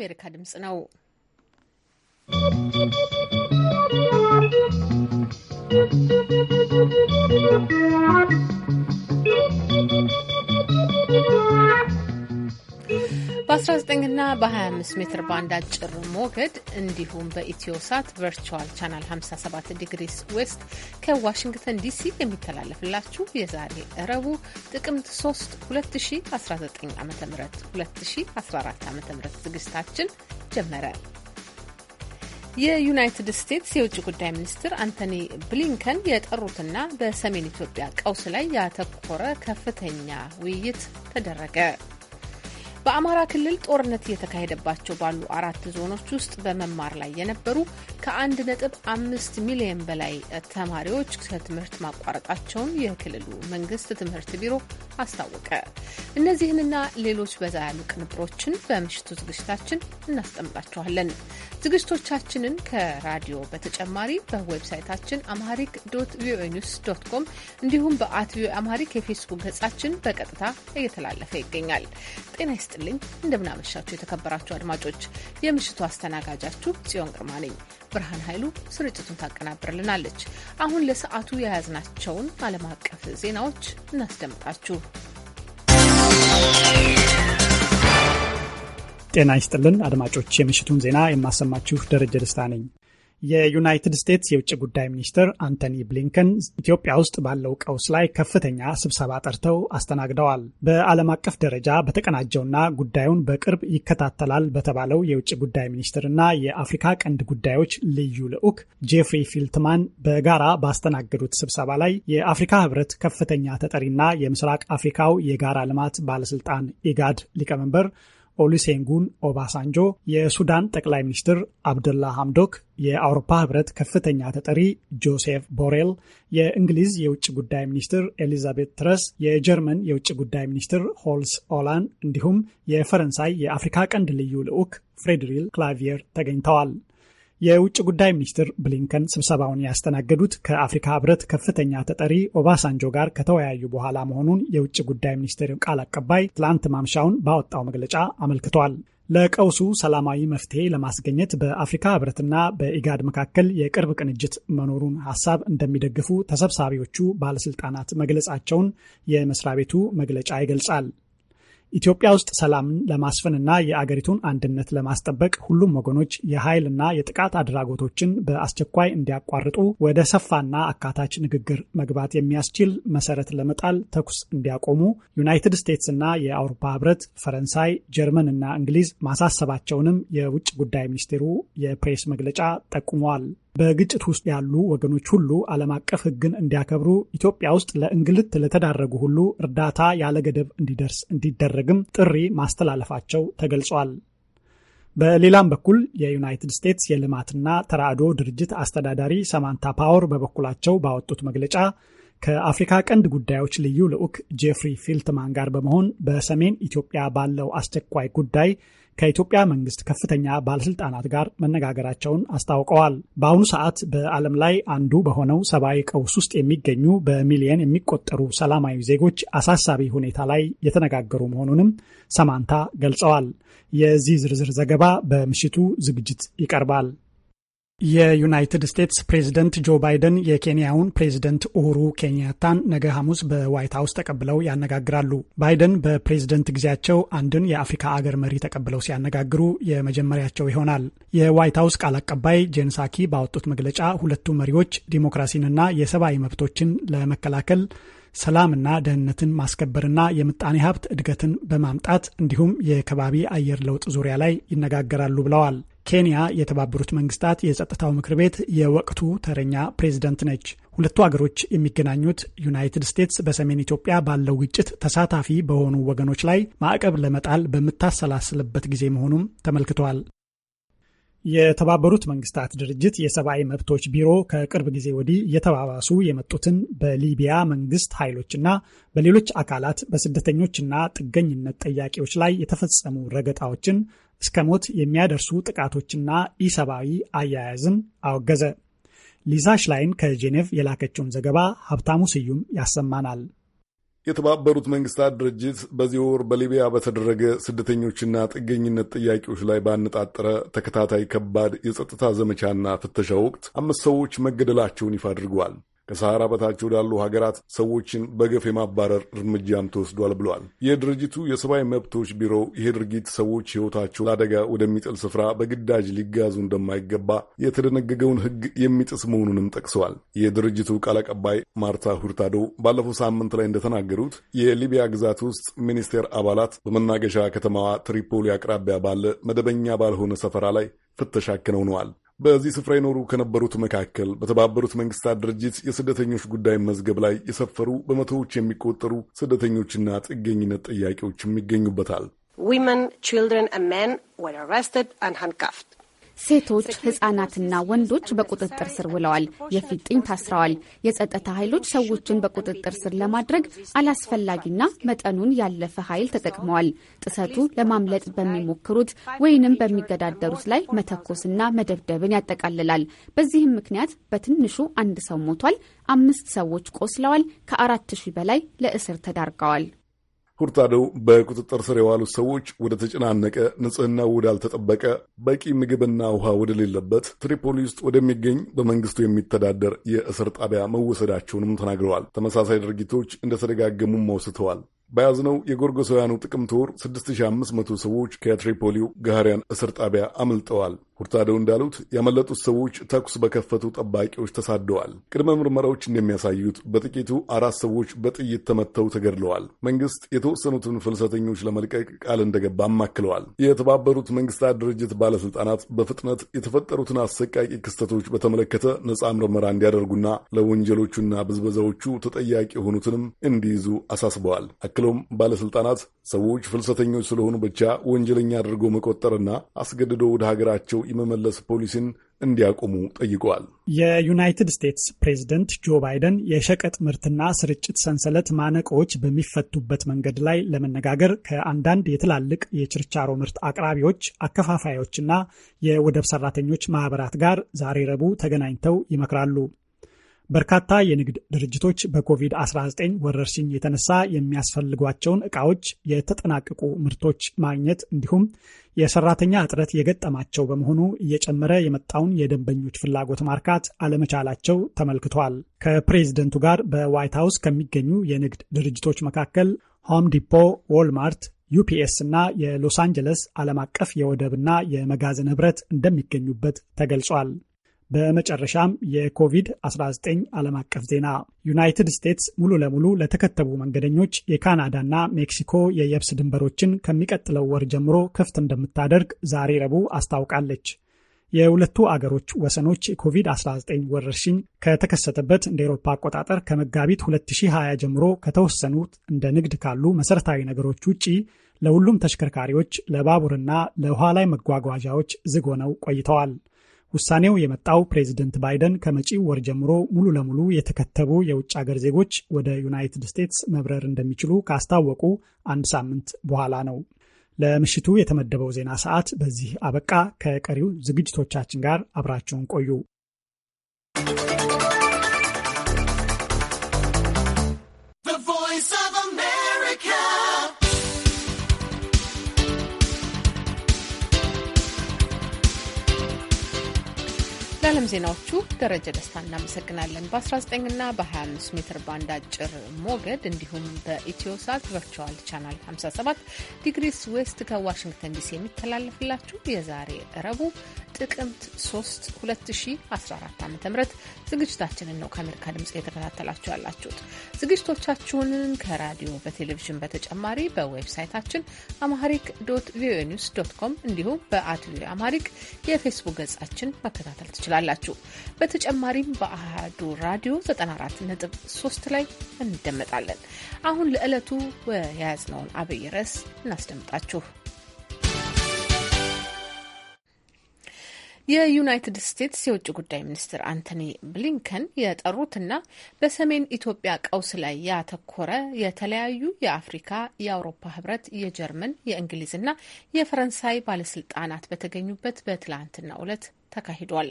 የአሜሪካ ድምጽ ነው። ¶¶ በ19ና በ25 ሜትር ባንድ አጭር ሞገድ እንዲሁም በኢትዮ ሳት ቨርቹዋል ቻናል 57 ዲግሪስ ዌስት ከዋሽንግተን ዲሲ የሚተላለፍላችሁ የዛሬ እረቡ ጥቅምት 3 2019 ዓ ም 2014 ዓ ም ዝግጅታችን ጀመረ። የዩናይትድ ስቴትስ የውጭ ጉዳይ ሚኒስትር አንቶኒ ብሊንከን የጠሩትና በሰሜን ኢትዮጵያ ቀውስ ላይ ያተኮረ ከፍተኛ ውይይት ተደረገ። በአማራ ክልል ጦርነት እየተካሄደባቸው ባሉ አራት ዞኖች ውስጥ በመማር ላይ የነበሩ ከአንድ ነጥብ አምስት ሚሊዮን በላይ ተማሪዎች ከትምህርት ማቋረጣቸውን የክልሉ መንግስት ትምህርት ቢሮ አስታወቀ። እነዚህንና ሌሎች በዛ ያሉ ቅንብሮችን በምሽቱ ዝግጅታችን እናስቀምጣችኋለን። ዝግጅቶቻችንን ከራዲዮ በተጨማሪ በዌብሳይታችን አምሃሪክ ዶት ቪኦኤ ኒውስ ዶት ኮም እንዲሁም በአት ቪኦኤ አምሃሪክ የፌስቡክ ገጻችን በቀጥታ እየተላለፈ ይገኛል። ጤና ይስጥልኝ፣ እንደምናመሻችሁ የተከበራችሁ አድማጮች፣ የምሽቱ አስተናጋጃችሁ ጽዮን ግርማ ነኝ። ብርሃን ኃይሉ ስርጭቱን ታቀናብርልናለች። አሁን ለሰዓቱ የያዝናቸውን ዓለም አቀፍ ዜናዎች እናስደምጣችሁ። ጤና ይስጥልን አድማጮች፣ የምሽቱን ዜና የማሰማችሁ ደረጀ ደስታ ነኝ። የዩናይትድ ስቴትስ የውጭ ጉዳይ ሚኒስትር አንቶኒ ብሊንከን ኢትዮጵያ ውስጥ ባለው ቀውስ ላይ ከፍተኛ ስብሰባ ጠርተው አስተናግደዋል። በዓለም አቀፍ ደረጃ በተቀናጀውና ጉዳዩን በቅርብ ይከታተላል በተባለው የውጭ ጉዳይ ሚኒስትርና የአፍሪካ ቀንድ ጉዳዮች ልዩ ልዑክ ጄፍሪ ፊልትማን በጋራ ባስተናገዱት ስብሰባ ላይ የአፍሪካ ሕብረት ከፍተኛ ተጠሪና የምስራቅ አፍሪካው የጋራ ልማት ባለስልጣን ኢጋድ ሊቀመንበር ኦሉሴንጉን ኦባሳንጆ፣ የሱዳን ጠቅላይ ሚኒስትር አብደላ ሐምዶክ፣ የአውሮፓ ህብረት ከፍተኛ ተጠሪ ጆሴፍ ቦሬል፣ የእንግሊዝ የውጭ ጉዳይ ሚኒስትር ኤሊዛቤት ትረስ፣ የጀርመን የውጭ ጉዳይ ሚኒስትር ሆልስ ኦላን እንዲሁም የፈረንሳይ የአፍሪካ ቀንድ ልዩ ልዑክ ፍሬድሪል ክላቪየር ተገኝተዋል። የውጭ ጉዳይ ሚኒስትር ብሊንከን ስብሰባውን ያስተናገዱት ከአፍሪካ ህብረት ከፍተኛ ተጠሪ ኦባሳንጆ ጋር ከተወያዩ በኋላ መሆኑን የውጭ ጉዳይ ሚኒስቴር ቃል አቀባይ ትላንት ማምሻውን ባወጣው መግለጫ አመልክቷል። ለቀውሱ ሰላማዊ መፍትሄ ለማስገኘት በአፍሪካ ህብረትና በኢጋድ መካከል የቅርብ ቅንጅት መኖሩን ሀሳብ እንደሚደግፉ ተሰብሳቢዎቹ ባለስልጣናት መግለጻቸውን የመስሪያ ቤቱ መግለጫ ይገልጻል። ኢትዮጵያ ውስጥ ሰላምን ለማስፈንና የአገሪቱን አንድነት ለማስጠበቅ ሁሉም ወገኖች የኃይልና የጥቃት አድራጎቶችን በአስቸኳይ እንዲያቋርጡ ወደ ሰፋና አካታች ንግግር መግባት የሚያስችል መሰረት ለመጣል ተኩስ እንዲያቆሙ ዩናይትድ ስቴትስና የአውሮፓ ህብረት፣ ፈረንሳይ፣ ጀርመንና እንግሊዝ ማሳሰባቸውንም የውጭ ጉዳይ ሚኒስቴሩ የፕሬስ መግለጫ ጠቁመዋል። በግጭት ውስጥ ያሉ ወገኖች ሁሉ ዓለም አቀፍ ሕግን እንዲያከብሩ፣ ኢትዮጵያ ውስጥ ለእንግልት ለተዳረጉ ሁሉ እርዳታ ያለ ገደብ እንዲደርስ እንዲደረግም ጥሪ ማስተላለፋቸው ተገልጿል። በሌላም በኩል የዩናይትድ ስቴትስ የልማትና ተራድኦ ድርጅት አስተዳዳሪ ሰማንታ ፓወር በበኩላቸው ባወጡት መግለጫ ከአፍሪካ ቀንድ ጉዳዮች ልዩ ልዑክ ጄፍሪ ፊልትማን ጋር በመሆን በሰሜን ኢትዮጵያ ባለው አስቸኳይ ጉዳይ ከኢትዮጵያ መንግስት ከፍተኛ ባለስልጣናት ጋር መነጋገራቸውን አስታውቀዋል። በአሁኑ ሰዓት በዓለም ላይ አንዱ በሆነው ሰብአዊ ቀውስ ውስጥ የሚገኙ በሚሊየን የሚቆጠሩ ሰላማዊ ዜጎች አሳሳቢ ሁኔታ ላይ የተነጋገሩ መሆኑንም ሰማንታ ገልጸዋል። የዚህ ዝርዝር ዘገባ በምሽቱ ዝግጅት ይቀርባል። የዩናይትድ ስቴትስ ፕሬዝደንት ጆ ባይደን የኬንያውን ፕሬዝደንት ኡሁሩ ኬንያታን ነገ ሐሙስ በዋይት ሀውስ ተቀብለው ያነጋግራሉ። ባይደን በፕሬዝደንት ጊዜያቸው አንድን የአፍሪካ አገር መሪ ተቀብለው ሲያነጋግሩ የመጀመሪያቸው ይሆናል። የዋይት ሀውስ ቃል አቀባይ ጄንሳኪ ባወጡት መግለጫ ሁለቱ መሪዎች ዲሞክራሲንና የሰብአዊ መብቶችን ለመከላከል ሰላምና ደህንነትን ማስከበርና የምጣኔ ሀብት እድገትን በማምጣት እንዲሁም የከባቢ አየር ለውጥ ዙሪያ ላይ ይነጋገራሉ ብለዋል። ኬንያ የተባበሩት መንግስታት የጸጥታው ምክር ቤት የወቅቱ ተረኛ ፕሬዝደንት ነች። ሁለቱ አገሮች የሚገናኙት ዩናይትድ ስቴትስ በሰሜን ኢትዮጵያ ባለው ግጭት ተሳታፊ በሆኑ ወገኖች ላይ ማዕቀብ ለመጣል በምታሰላስልበት ጊዜ መሆኑም ተመልክተዋል። የተባበሩት መንግስታት ድርጅት የሰብአዊ መብቶች ቢሮ ከቅርብ ጊዜ ወዲህ እየተባባሱ የመጡትን በሊቢያ መንግስት ኃይሎችና በሌሎች አካላት በስደተኞችና ጥገኝነት ጠያቂዎች ላይ የተፈጸሙ ረገጣዎችን እስከ ሞት የሚያደርሱ ጥቃቶችና ኢሰብአዊ አያያዝን አወገዘ። ሊዛ ሽላይን ከጄኔቭ የላከችውን ዘገባ ሀብታሙ ስዩም ያሰማናል። የተባበሩት መንግስታት ድርጅት በዚህ ወር በሊቢያ በተደረገ ስደተኞችና ጥገኝነት ጥያቄዎች ላይ ባነጣጠረ ተከታታይ ከባድ የጸጥታ ዘመቻና ፍተሻ ወቅት አምስት ሰዎች መገደላቸውን ይፋ አድርገዋል። ከሰሃራ በታች ወዳሉ ሀገራት ሰዎችን በገፍ የማባረር እርምጃም ተወስዷል ብለዋል። የድርጅቱ የሰብአዊ መብቶች ቢሮ ይሄ ድርጊት ሰዎች ሕይወታቸው ለአደጋ ወደሚጥል ስፍራ በግዳጅ ሊጋዙ እንደማይገባ የተደነገገውን ሕግ የሚጥስ መሆኑንም ጠቅሰዋል። የድርጅቱ ቃል አቀባይ ማርታ ሁርታዶ ባለፈው ሳምንት ላይ እንደተናገሩት የሊቢያ ግዛት ውስጥ ሚኒስቴር አባላት በመናገሻ ከተማዋ ትሪፖሊ አቅራቢያ ባለ መደበኛ ባልሆነ ሰፈራ ላይ ፍተሻ አከናውነዋል። በዚህ ስፍራ ይኖሩ ከነበሩት መካከል በተባበሩት መንግስታት ድርጅት የስደተኞች ጉዳይ መዝገብ ላይ የሰፈሩ በመቶዎች የሚቆጠሩ ስደተኞችና ጥገኝነት ጠያቂዎችም ይገኙበታል። ዊመን ችልድረን ሜን ወር አረስትድ አንድ ሃንድካፍድ ሴቶች፣ ህጻናትና ወንዶች በቁጥጥር ስር ውለዋል፣ የፊጥኝ ታስረዋል። የጸጥታ ኃይሎች ሰዎችን በቁጥጥር ስር ለማድረግ አላስፈላጊና መጠኑን ያለፈ ኃይል ተጠቅመዋል። ጥሰቱ ለማምለጥ በሚሞክሩት ወይንም በሚገዳደሩት ላይ መተኮስና መደብደብን ያጠቃልላል። በዚህም ምክንያት በትንሹ አንድ ሰው ሞቷል፣ አምስት ሰዎች ቆስለዋል፣ ከአራት ሺህ በላይ ለእስር ተዳርገዋል። ሁርታዶ በቁጥጥር ስር የዋሉት ሰዎች ወደ ተጨናነቀ፣ ንጽህናው ወዳልተጠበቀ፣ በቂ ምግብና ውሃ ወደሌለበት ትሪፖሊ ውስጥ ወደሚገኝ በመንግስቱ የሚተዳደር የእስር ጣቢያ መወሰዳቸውንም ተናግረዋል። ተመሳሳይ ድርጊቶች እንደተደጋገሙም አውስተዋል። በያዝነው የጎርጎሳውያኑ ጥቅምት ወር 6500 ሰዎች ከትሪፖሊው ጋህሪያን እስር ጣቢያ አምልጠዋል። ሁርታደው እንዳሉት ያመለጡት ሰዎች ተኩስ በከፈቱ ጠባቂዎች ተሳደዋል። ቅድመ ምርመራዎች እንደሚያሳዩት በጥቂቱ አራት ሰዎች በጥይት ተመተው ተገድለዋል። መንግስት የተወሰኑትን ፍልሰተኞች ለመልቀቅ ቃል እንደገባም አክለዋል። የተባበሩት መንግስታት ድርጅት ባለስልጣናት በፍጥነት የተፈጠሩትን አሰቃቂ ክስተቶች በተመለከተ ነፃ ምርመራ እንዲያደርጉና ለወንጀሎቹና ብዝበዛዎቹ ተጠያቂ የሆኑትንም እንዲይዙ አሳስበዋል። አክለውም ባለስልጣናት ሰዎች ፍልሰተኞች ስለሆኑ ብቻ ወንጀለኛ አድርጎ መቆጠርና አስገድዶ ወደ ሀገራቸው የመመለስ ፖሊሲን እንዲያቆሙ ጠይቀዋል። የዩናይትድ ስቴትስ ፕሬዝደንት ጆ ባይደን የሸቀጥ ምርትና ስርጭት ሰንሰለት ማነቆዎች በሚፈቱበት መንገድ ላይ ለመነጋገር ከአንዳንድ የትላልቅ የችርቻሮ ምርት አቅራቢዎች፣ አከፋፋዮችና የወደብ ሰራተኞች ማህበራት ጋር ዛሬ ረቡዕ ተገናኝተው ይመክራሉ። በርካታ የንግድ ድርጅቶች በኮቪድ-19 ወረርሽኝ የተነሳ የሚያስፈልጓቸውን እቃዎች የተጠናቀቁ ምርቶች ማግኘት እንዲሁም የሰራተኛ እጥረት የገጠማቸው በመሆኑ እየጨመረ የመጣውን የደንበኞች ፍላጎት ማርካት አለመቻላቸው ተመልክቷል። ከፕሬዝደንቱ ጋር በዋይት ሀውስ ከሚገኙ የንግድ ድርጅቶች መካከል ሆም ዲፖ፣ ዎልማርት ዩፒኤስ እና የሎስ አንጀለስ ዓለም አቀፍ የወደብና የመጋዘን ህብረት እንደሚገኙበት ተገልጿል። በመጨረሻም የኮቪድ-19 ዓለም አቀፍ ዜና። ዩናይትድ ስቴትስ ሙሉ ለሙሉ ለተከተቡ መንገደኞች የካናዳና ሜክሲኮ የየብስ ድንበሮችን ከሚቀጥለው ወር ጀምሮ ክፍት እንደምታደርግ ዛሬ ረቡዕ አስታውቃለች። የሁለቱ አገሮች ወሰኖች የኮቪድ-19 ወረርሽኝ ከተከሰተበት እንደ ኤሮፓ አቆጣጠር ከመጋቢት 2020 ጀምሮ ከተወሰኑት እንደ ንግድ ካሉ መሠረታዊ ነገሮች ውጪ ለሁሉም ተሽከርካሪዎች፣ ለባቡርና ለውሃ ላይ መጓጓዣዎች ዝግ ሆነው ቆይተዋል። ውሳኔው የመጣው ፕሬዚደንት ባይደን ከመጪው ወር ጀምሮ ሙሉ ለሙሉ የተከተቡ የውጭ አገር ዜጎች ወደ ዩናይትድ ስቴትስ መብረር እንደሚችሉ ካስታወቁ አንድ ሳምንት በኋላ ነው። ለምሽቱ የተመደበው ዜና ሰዓት በዚህ አበቃ። ከቀሪው ዝግጅቶቻችን ጋር አብራችሁን ቆዩ። ለዓለም ዜናዎቹ ደረጀ ደስታ እናመሰግናለን። በ19 እና በ25 ሜትር ባንድ አጭር ሞገድ እንዲሁም በኢትዮ ሳት ቨርቹዋል ቻናል 57 ዲግሪስ ዌስት ከዋሽንግተን ዲሲ የሚተላለፍላችሁ የዛሬ እረቡ ጥቅምት 3 2014 ዓ ም ዝግጅታችንን ነው ከአሜሪካ ድምጽ እየተከታተላችሁ ያላችሁት። ዝግጅቶቻችሁንን ከራዲዮ በቴሌቪዥን በተጨማሪ በዌብሳይታችን አማሪክ ዶት ቪኦኤ ኒውስ ዶት ኮም እንዲሁም በአት ቪኦኤ አማሪክ የፌስቡክ ገጻችን መከታተል ትችላል ትችላላችሁ። በተጨማሪም በአህዱ ራዲዮ 94.3 ላይ እንደመጣለን። አሁን ለዕለቱ የያዝነውን አብይ ርዕስ እናስደምጣችሁ። የዩናይትድ ስቴትስ የውጭ ጉዳይ ሚኒስትር አንቶኒ ብሊንከን የጠሩትና በሰሜን ኢትዮጵያ ቀውስ ላይ ያተኮረ የተለያዩ የአፍሪካ፣ የአውሮፓ ህብረት፣ የጀርመን፣ የእንግሊዝና የፈረንሳይ ባለስልጣናት በተገኙበት በትላንትናው ዕለት ተካሂዷል።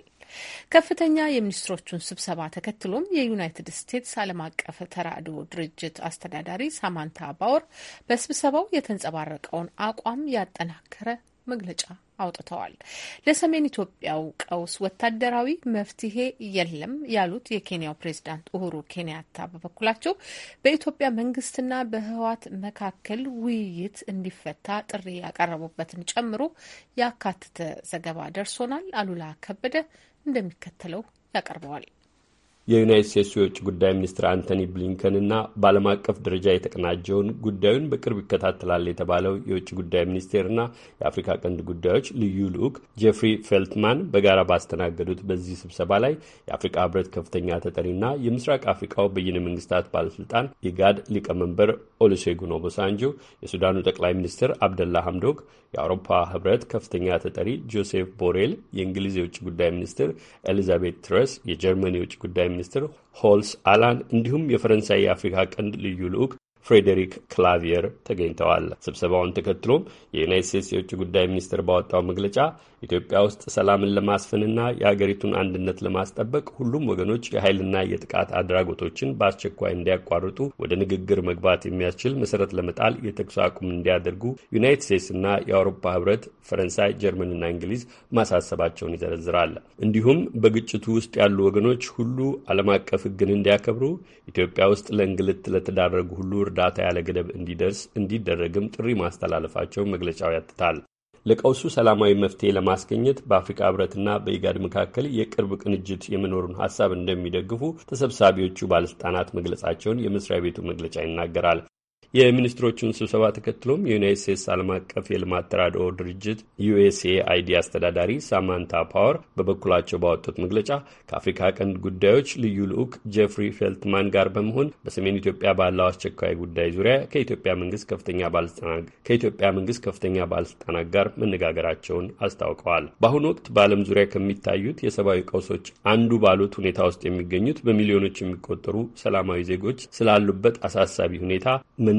ከፍተኛ የሚኒስትሮቹን ስብሰባ ተከትሎም የዩናይትድ ስቴትስ ዓለም አቀፍ ተራድኦ ድርጅት አስተዳዳሪ ሳማንታ ባወር በስብሰባው የተንጸባረቀውን አቋም ያጠናከረ መግለጫ አውጥተዋል። ለሰሜን ኢትዮጵያው ቀውስ ወታደራዊ መፍትሄ የለም ያሉት የኬንያው ፕሬዝዳንት ኡሁሩ ኬንያታ በበኩላቸው በኢትዮጵያ መንግስትና በህወሓት መካከል ውይይት እንዲፈታ ጥሪ ያቀረቡበትን ጨምሮ ያካተተ ዘገባ ደርሶናል። አሉላ ከበደ እንደሚከተለው ያቀርበዋል። የዩናይት ስቴትስ የውጭ ጉዳይ ሚኒስትር አንቶኒ ብሊንከንና በዓለም አቀፍ ደረጃ የተቀናጀውን ጉዳዩን በቅርብ ይከታተላል የተባለው የውጭ ጉዳይ ሚኒስቴርና የአፍሪካ ቀንድ ጉዳዮች ልዩ ልዑክ ጄፍሪ ፌልትማን በጋራ ባስተናገዱት በዚህ ስብሰባ ላይ የአፍሪካ ህብረት ከፍተኛ ተጠሪና የምስራቅ አፍሪካው በይነ መንግስታት ባለስልጣን ኢጋድ ሊቀመንበር ኦሉሴጉን ኦባሳንጆ፣ የሱዳኑ ጠቅላይ ሚኒስትር አብደላ ሐምዶክ፣ የአውሮፓ ህብረት ከፍተኛ ተጠሪ ጆሴፍ ቦሬል፣ የእንግሊዝ የውጭ ጉዳይ ሚኒስትር ኤሊዛቤት ትረስ፣ የጀርመን የውጭ ጉዳይ ሚኒስትር ሆልስ አላን እንዲሁም የፈረንሳይ የአፍሪካ ቀንድ ልዩ ልዑክ ፍሬዴሪክ ክላቪየር ተገኝተዋል። ስብሰባውን ተከትሎም የዩናይት ስቴትስ የውጭ ጉዳይ ሚኒስትር ባወጣው መግለጫ ኢትዮጵያ ውስጥ ሰላምን ለማስፈንና የሀገሪቱን አንድነት ለማስጠበቅ ሁሉም ወገኖች የኃይልና የጥቃት አድራጎቶችን በአስቸኳይ እንዲያቋርጡ ወደ ንግግር መግባት የሚያስችል መሰረት ለመጣል የተኩስ አቁም እንዲያደርጉ ዩናይትድ ስቴትስና የአውሮፓ ህብረት፣ ፈረንሳይ፣ ጀርመንና እንግሊዝ ማሳሰባቸውን ይዘረዝራል። እንዲሁም በግጭቱ ውስጥ ያሉ ወገኖች ሁሉ ዓለም አቀፍ ህግን እንዲያከብሩ፣ ኢትዮጵያ ውስጥ ለእንግልት ለተዳረጉ ሁሉ እርዳታ ያለ ገደብ እንዲደርስ እንዲደረግም ጥሪ ማስተላለፋቸውን መግለጫው ያትታል። ለቀውሱ ሰላማዊ መፍትሄ ለማስገኘት በአፍሪካ ህብረትና በኢጋድ መካከል የቅርብ ቅንጅት የመኖሩን ሀሳብ እንደሚደግፉ ተሰብሳቢዎቹ ባለስልጣናት መግለጻቸውን የመስሪያ ቤቱ መግለጫ ይናገራል። የሚኒስትሮቹን ስብሰባ ተከትሎም የዩናይት ስቴትስ ዓለም አቀፍ የልማት ተራድኦ ድርጅት ዩኤስኤ አይዲ አስተዳዳሪ ሳማንታ ፓወር በበኩላቸው ባወጡት መግለጫ ከአፍሪካ ቀንድ ጉዳዮች ልዩ ልዑክ ጄፍሪ ፌልትማን ጋር በመሆን በሰሜን ኢትዮጵያ ባለው አስቸኳይ ጉዳይ ዙሪያ ከኢትዮጵያ መንግስት ከፍተኛ ባለስልጣናት ከኢትዮጵያ መንግስት ከፍተኛ ባለስልጣናት ጋር መነጋገራቸውን አስታውቀዋል። በአሁኑ ወቅት በዓለም ዙሪያ ከሚታዩት የሰብአዊ ቀውሶች አንዱ ባሉት ሁኔታ ውስጥ የሚገኙት በሚሊዮኖች የሚቆጠሩ ሰላማዊ ዜጎች ስላሉበት አሳሳቢ ሁኔታ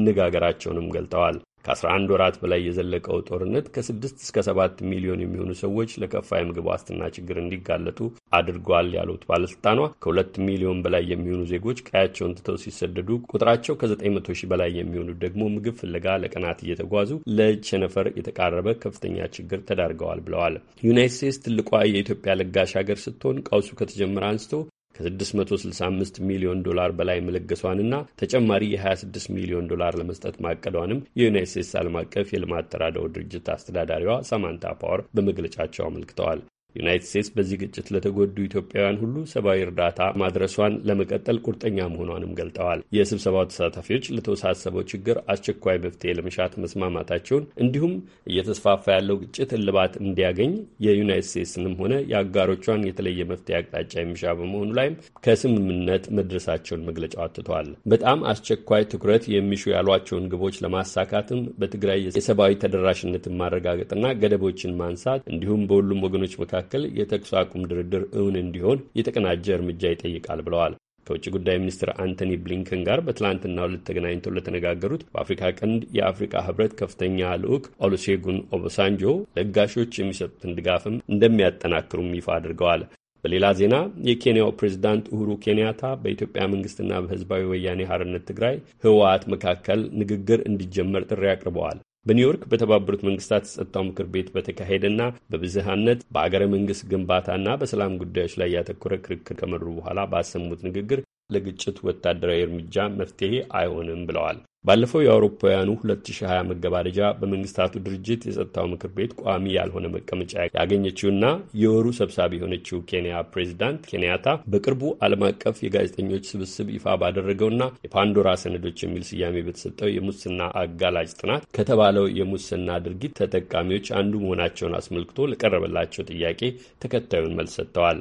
መነጋገራቸውንም ገልጠዋል። ከ11 ወራት በላይ የዘለቀው ጦርነት ከ6 እስከ 7 ሚሊዮን የሚሆኑ ሰዎች ለከፋ የምግብ ዋስትና ችግር እንዲጋለጡ አድርጓል ያሉት ባለስልጣኗ ከ2 ሚሊዮን በላይ የሚሆኑ ዜጎች ቀያቸውን ትተው ሲሰደዱ ቁጥራቸው ከ900 ሺህ በላይ የሚሆኑ ደግሞ ምግብ ፍለጋ ለቀናት እየተጓዙ ለቸነፈር የተቃረበ ከፍተኛ ችግር ተዳርገዋል ብለዋል። ዩናይት ስቴትስ ትልቋ የኢትዮጵያ ለጋሽ ሀገር ስትሆን ቀውሱ ከተጀመረ አንስቶ ከ665 ሚሊዮን ዶላር በላይ መለገሷንና ተጨማሪ የ26 ሚሊዮን ዶላር ለመስጠት ማቀዷንም የዩናይት ስቴትስ ዓለም አቀፍ የልማት ተራድኦ ድርጅት አስተዳዳሪዋ ሳማንታ ፓወር በመግለጫቸው አመልክተዋል። ዩናይት ስቴትስ በዚህ ግጭት ለተጎዱ ኢትዮጵያውያን ሁሉ ሰብአዊ እርዳታ ማድረሷን ለመቀጠል ቁርጠኛ መሆኗንም ገልጠዋል። የስብሰባው ተሳታፊዎች ለተወሳሰበው ችግር አስቸኳይ መፍትሄ ለመሻት መስማማታቸውን እንዲሁም እየተስፋፋ ያለው ግጭት እልባት እንዲያገኝ የዩናይት ስቴትስንም ሆነ የአጋሮቿን የተለየ መፍትሄ አቅጣጫ የሚሻ በመሆኑ ላይም ከስምምነት መድረሳቸውን መግለጫው አትተዋል። በጣም አስቸኳይ ትኩረት የሚሹ ያሏቸውን ግቦች ለማሳካትም በትግራይ የሰብአዊ ተደራሽነትን ማረጋገጥና ገደቦችን ማንሳት እንዲሁም በሁሉም ወገኖች መካከል መካከል የተኩስ አቁም ድርድር እውን እንዲሆን የተቀናጀ እርምጃ ይጠይቃል ብለዋል። ከውጭ ጉዳይ ሚኒስትር አንቶኒ ብሊንከን ጋር በትላንትና ሁለት ተገናኝተው ለተነጋገሩት በአፍሪካ ቀንድ የአፍሪካ ህብረት ከፍተኛ ልዑክ ኦሉሴጉን ኦቦሳንጆ ለጋሾች የሚሰጡትን ድጋፍም እንደሚያጠናክሩም ይፋ አድርገዋል። በሌላ ዜና የኬንያው ፕሬዝዳንት ኡሁሩ ኬንያታ በኢትዮጵያ መንግስትና በህዝባዊ ወያኔ ሀርነት ትግራይ ህወሓት መካከል ንግግር እንዲጀመር ጥሪ አቅርበዋል። በኒውዮርክ በተባበሩት መንግስታት የጸጥታው ምክር ቤት በተካሄደና በብዝሃነት በአገረ መንግስት ግንባታና በሰላም ጉዳዮች ላይ ያተኮረ ክርክር ከመሩ በኋላ ባሰሙት ንግግር ለግጭት ወታደራዊ እርምጃ መፍትሄ አይሆንም ብለዋል። ባለፈው የአውሮፓውያኑ 2020 መገባደጃ በመንግስታቱ ድርጅት የጸጥታው ምክር ቤት ቋሚ ያልሆነ መቀመጫ ያገኘችውና የወሩ ሰብሳቢ የሆነችው ኬንያ ፕሬዚዳንት ኬንያታ በቅርቡ ዓለም አቀፍ የጋዜጠኞች ስብስብ ይፋ ባደረገውና የፓንዶራ ሰነዶች የሚል ስያሜ በተሰጠው የሙስና አጋላጭ ጥናት ከተባለው የሙስና ድርጊት ተጠቃሚዎች አንዱ መሆናቸውን አስመልክቶ ለቀረበላቸው ጥያቄ ተከታዩን መልስ ሰጥተዋል።